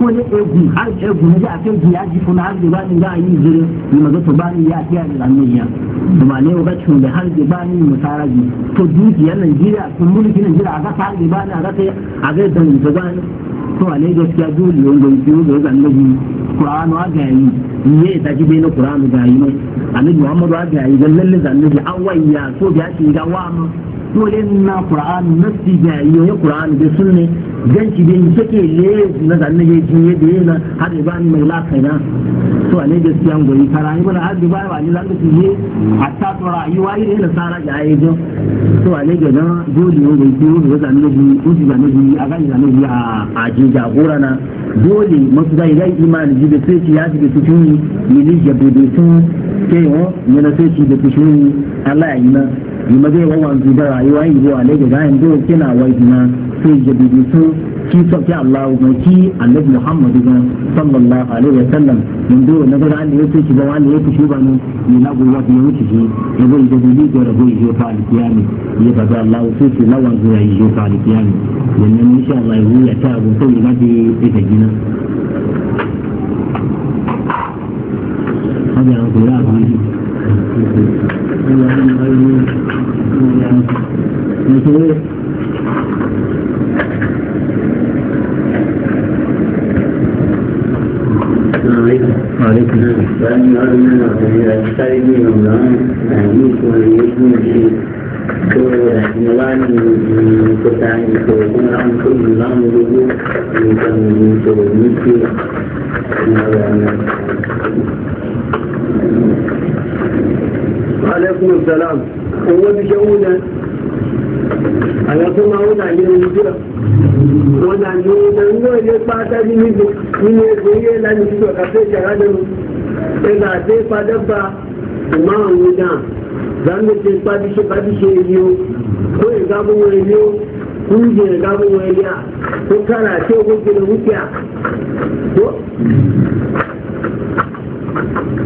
ko ne egu har ke ne ga ake ji ya ji kuna har da ni ga yi zuri ni ma to ba ni ya tiya da nan ya kuma ne ga cin da har da ba ni tara ji to dukiyar Najeriya kun mulkin Najeriya a ga har da ba ni a ga a ga dan ni ni to ne gaskiya dole yon gon biyu ga zan ne ta ji bai na qur'anu ga yi ne annabi muhammadu ga yi dan lalle zan an so biya shi ga wa dole na qur'an nasi jariyo ya qur'an da sunne ganci bin take le na da ne ji da yana har ban mai na to ne gaskiya goyi karayi bana har dubai ba ni langa tiye hatta to rayuwa yi da sara ga ayi jo to ne ga na dole ne goyi ko da ne ji ko ji ne ji a ga ne ji a a ga gora na dole masu da idan imani ji da sai ci ya ji da su ni ni jabu da su ke yo ne na sai ci da ni Allah ya yi na yima zai wawan zuba rayuwa yi zuwa ne ga yin dole kina wai na sai ya su ki sauke Allah ko ki Annabi Muhammad sallallahu alaihi wa sallam mun dole na ga an yace ki ga wani yake shi ba ne ni na go wa biyo ki ya bai da bibi ko yi fa alkiyami ya ba Allah sai ki lawan zuwa yi fa alkiyami wannan insha Allah ya ta go sai ga bi ita gina Hanya yang wa kafe shara da ɗaga sai fa dabba wuta da ce fa bishe fa bishe yiwu ko ya gabu wa yiwu kuje ya gabu wa yiwu ko kara ce wuce da wuce ko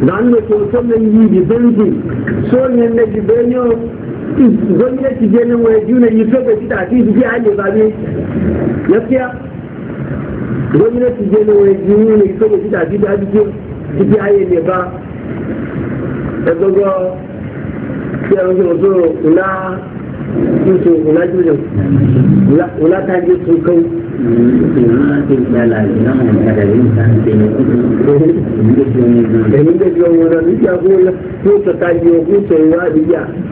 zan da ce sannan yi bi zanji so ne na ji benyo gwamnati je wa yi so ga fita a cikin gwamnati je ne wani jini ne ko da shida bi da biki ciki ne ba da gogo ji wato kula su ta je kai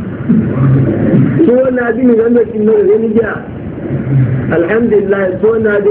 ọmọ nígbà tó wọ́n náà bí rẹ̀ níjà. tí wọ́n náà dé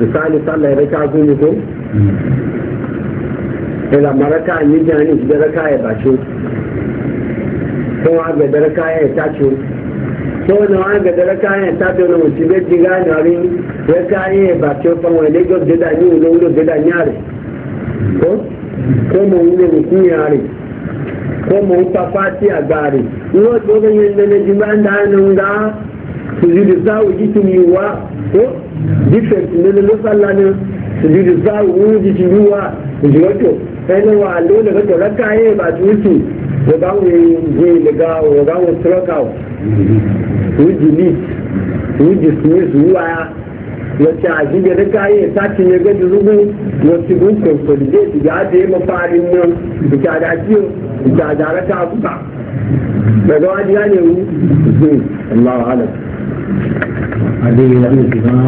misali sallah ya raka gumi ko ila maraka ni jani da raka ya bace ko aga da raka ya tace ko na aga da raka ya tace na mutum da jiga na ri raka ya bace fa wani ga da ni wani ga da nyare ko ko mo ne mutum yare ko mo ta fati a gari ni wato ga yin da ne jima'an da hannun ga sujudu sawu wa ko different ne ne sallah ne sujudu sawu wuri jitini wa jiwato sai wa allo daga to rakka ne ba tuki wa ba mu je daga wa mu troka wuji ni wuji a jibe da kaye sati ne gaji zubu wacce gun da da raka daga ya ne wu Allah အဒီလာဦးကလာ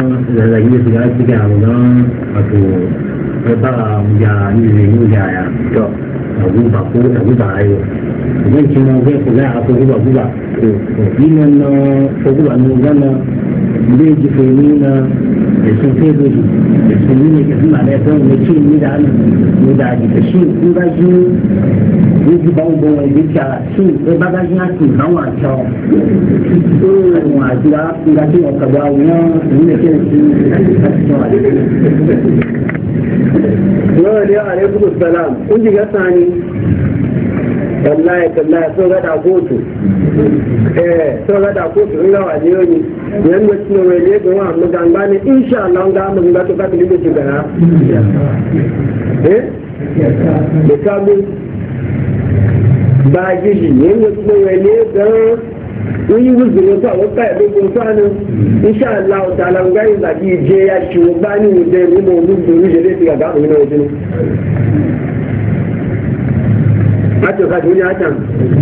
လာရေးစကားကြည့်ကြအောင်နော်အခုဘာသာညာညီလေးညီညာရတော့အခုဘာကိုအခုဘာလဲဒီချင်းတော့ကဘုရားအခုဘာဘုရားဒီနော်ဘုရားအမှုကနော် بيجي في يمينا السنتين بيجي السنين يجي مع بيتهم يشيل ميدان ميدان يشيل ميدان يجي بوبو يجي شيل ميدان يجي نوع شو نوع شو لكن وكباويا من كل شيء يا عليكم السلام كنت قصاني wallahi tallahi sun rada kotu eh sun kotu in rawa ne yoni yan da cikin wai ne ga ne insha Allah ga mun ga to ka tilibe shi gara eh da kamin ba gishi yan da cikin wai ne ga oyin wuzurin ta wọ́n ká ẹ̀dógún sánú iṣẹ́ àlá ọ̀tà alágbá ìgbàdí ìjẹ́ aṣọ bá ní ìdẹ́ mímọ́ olúgbòrú ṣe lé ti ga òun náà ati ka dunya atan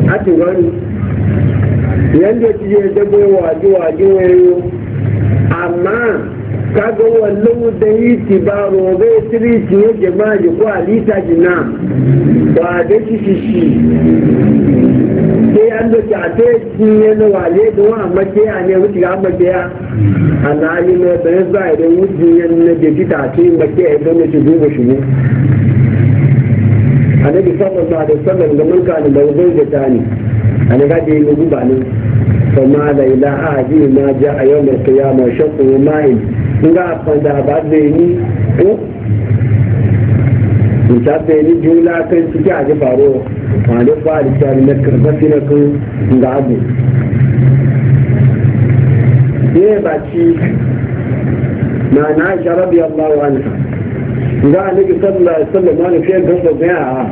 ati wani yanda ci je da bai waje waje wayo amma kaga wannan da yi ti ba robe tiri ti ne jama'a ji ko alita jina ba da ci ci ci sai an da ta na wale da wa amma ke a ya wuce ga amma ke a alali ne bai zai da wuce ne na da ta ta yi ke shi ne annabi sallallahu alaihi wasallam da mun kana da wajen da tani an ga da yi guba ne kuma da ila ahadi ma ja a yau mai kiyama shakku ma'in in ga fanda ba da ni ko in ta da ni jula kan ciki a ji faro wani ba da ta ne karfafi na kan ga abu ne ba ci na na sharabi Allah anha ga annabi sallallahu alaihi wasallam wani fiye da ba ga a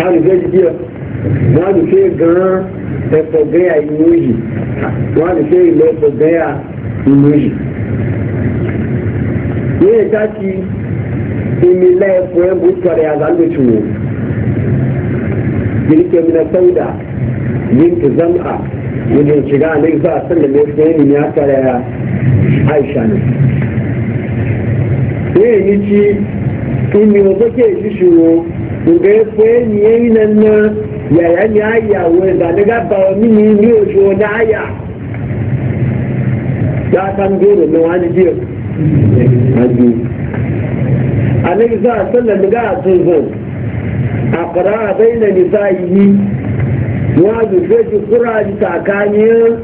wani ga jiya wani fiye ga da ba ga ya yi wani fiye da ba ga ya yi ne ta ci imila ya koyan buskar ya zanda ciwo girke mina sauda yin zam'a wajen shiga annabi sallallahu alaihi wasallam ya koyan ya aisha ne wee nichi imi oboke ejishiro nga ekwe ni enyi na nna yaya ya aya weza daga bawa mini ni na aya ya san goro na wani biyu hajji annabi za a na daga a tunzo a fara bai na nisa yi wani feji kura ji tsakaniyar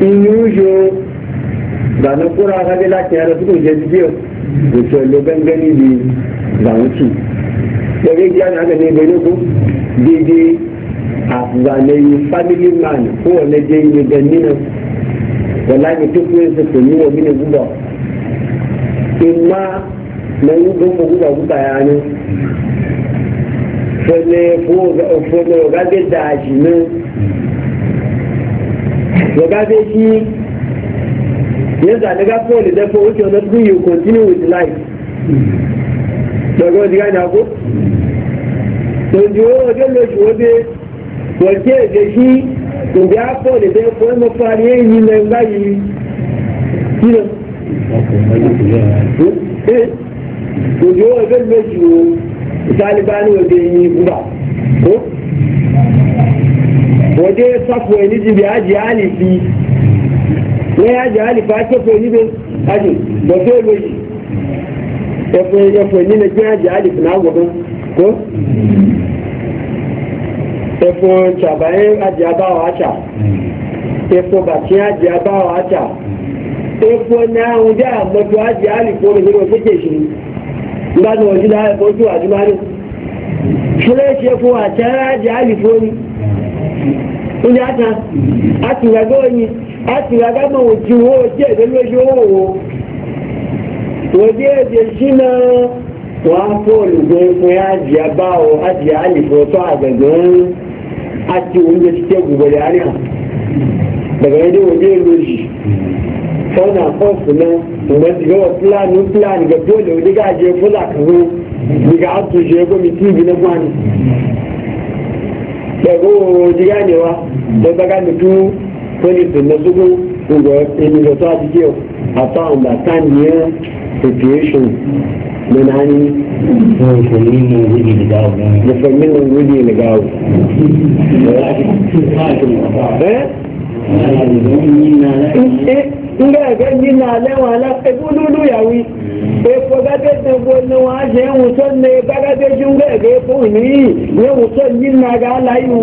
in ba na kura ga bila ke yana suka je biyo da ke logan gani bi ba wuce da ga gida ne bai ko daidai a zanayi family man ko wani je yi gani nan wallahi duk ne su tuni wa mini guba in ma na yi guba guba guba ya ne fele ko ga fele ga da shi ne ga da shi yẹn sà ní ká fún òlè dẹ́pọ̀ ó ti ọ̀nà you continue with life lọ́gọ́ ìdíkà ìyàgò tòjú ọjọ́ lóṣù ó dé wọ́n tí èdè sí ìdí àpọ̀ òlè dẹ́pọ̀ ẹ̀ mọ́ parí èyí lẹ́ báyìí kí lọ. tòjú ọjọ́ lóṣù ìtàlíbánu òde yìí gbà ó. wọ́n dé sọ́kùn ẹ̀ níbi àjẹ́ àlè fi. wọ́n yá jẹ́ àlìfà kẹfẹ́ níbẹ̀ àjì bọ̀fẹ́ lóyè ẹ̀fẹ̀ nínú jẹ́ àjẹ́ àlìfà náà kó ẹ̀fọ́ ṣàbáyé àjẹ́ àbáwọ̀ àṣà ẹ̀fọ́ bàtí àjẹ́ àbáwọ̀ àṣà ẹ̀fọ́ náà jẹ́ àmọ́tò àjẹ́ àlìfà olùdókòwò kékèké ìbánu ọ̀jìnlá ẹ̀fọ́ ojú àdúmárì fúlẹ́ẹ̀ṣì ẹ̀fọ́ àjẹ́ àlìfà ó àti ìyàgámọ̀ òjì owó owo èdè lójú owó ojú èdè ṣínà wọ́n á fọ́ olùgbọ́n fún àjì àbáwọ̀ àjì àlìfọ́tọ́ àgbẹ̀gbọ́n àti oúnjẹ títẹ́ gbogbo ha daga yadda waje loji sauna kwansu na wanda daga wa fulani ga dole wani ga la fula ka ga daga an tuje gwamnati ibi na gwani ga wani tunda zugun ga emigrato a jikin ta understand situation na nani da faminin wuri na gawo eh nga ga na lewa epo gẹ́gẹ́ tẹ bo ni wọ́n á ṣe ń wùsọ́ ní gẹ́gẹ́ tí ń gẹ́gẹ́ fún mi ní wùsọ́ yìí nà gà láyù.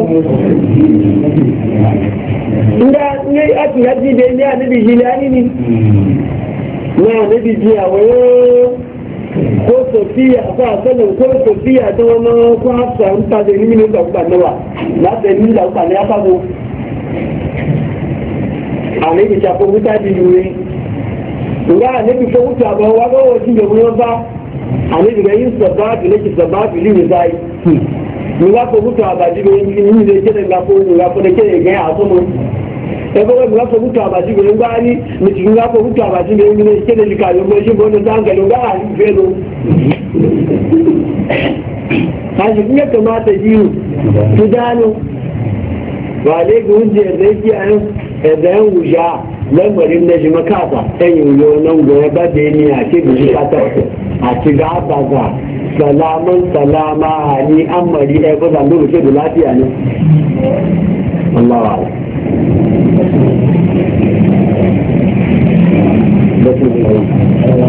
nga ní ẹtùyà ti dé ní àdébì yìí ní ayé ni ní àdébì yìí àwọn kó sofiya kó asọ́nà kó sofiya tó wọn mọ kó asọ̀ ń ní mímí ìgbàgbà ní wa láti ní ìgbàgbà ní apá wo àmì ìṣàkóso tá a ti yù ní. nga anabi fɛ wuta bɔ wa bɛ wɔsi ba anabi ka yin saba ne ki saba fili wi zai nga fɔ wuta ba di bɛ yin nga fɔ nga fɔ de kyerɛ gɛn a sɔmɔ ebe wo nga fɔ e wuta ba di bɛ nga ni misi nga fɔ wuta ba di yin ka ne san nga a yi fɛ lo kasi n ye tomata di o tu daanu wa ale ko n jɛ ɛdɛ lẹ́gbẹ̀rin lè ṣe mọ́kàtà ẹ̀yìn ìlú olóńgbò ẹgbẹ́ dé ní àṣìbìrì pàtàkì àti gáàbàgà sàlámù sàlámà ní àmọ̀rí ẹgbẹ́ sàlóòrò ṣègùn láti àná. ọlọ́wà rẹ̀.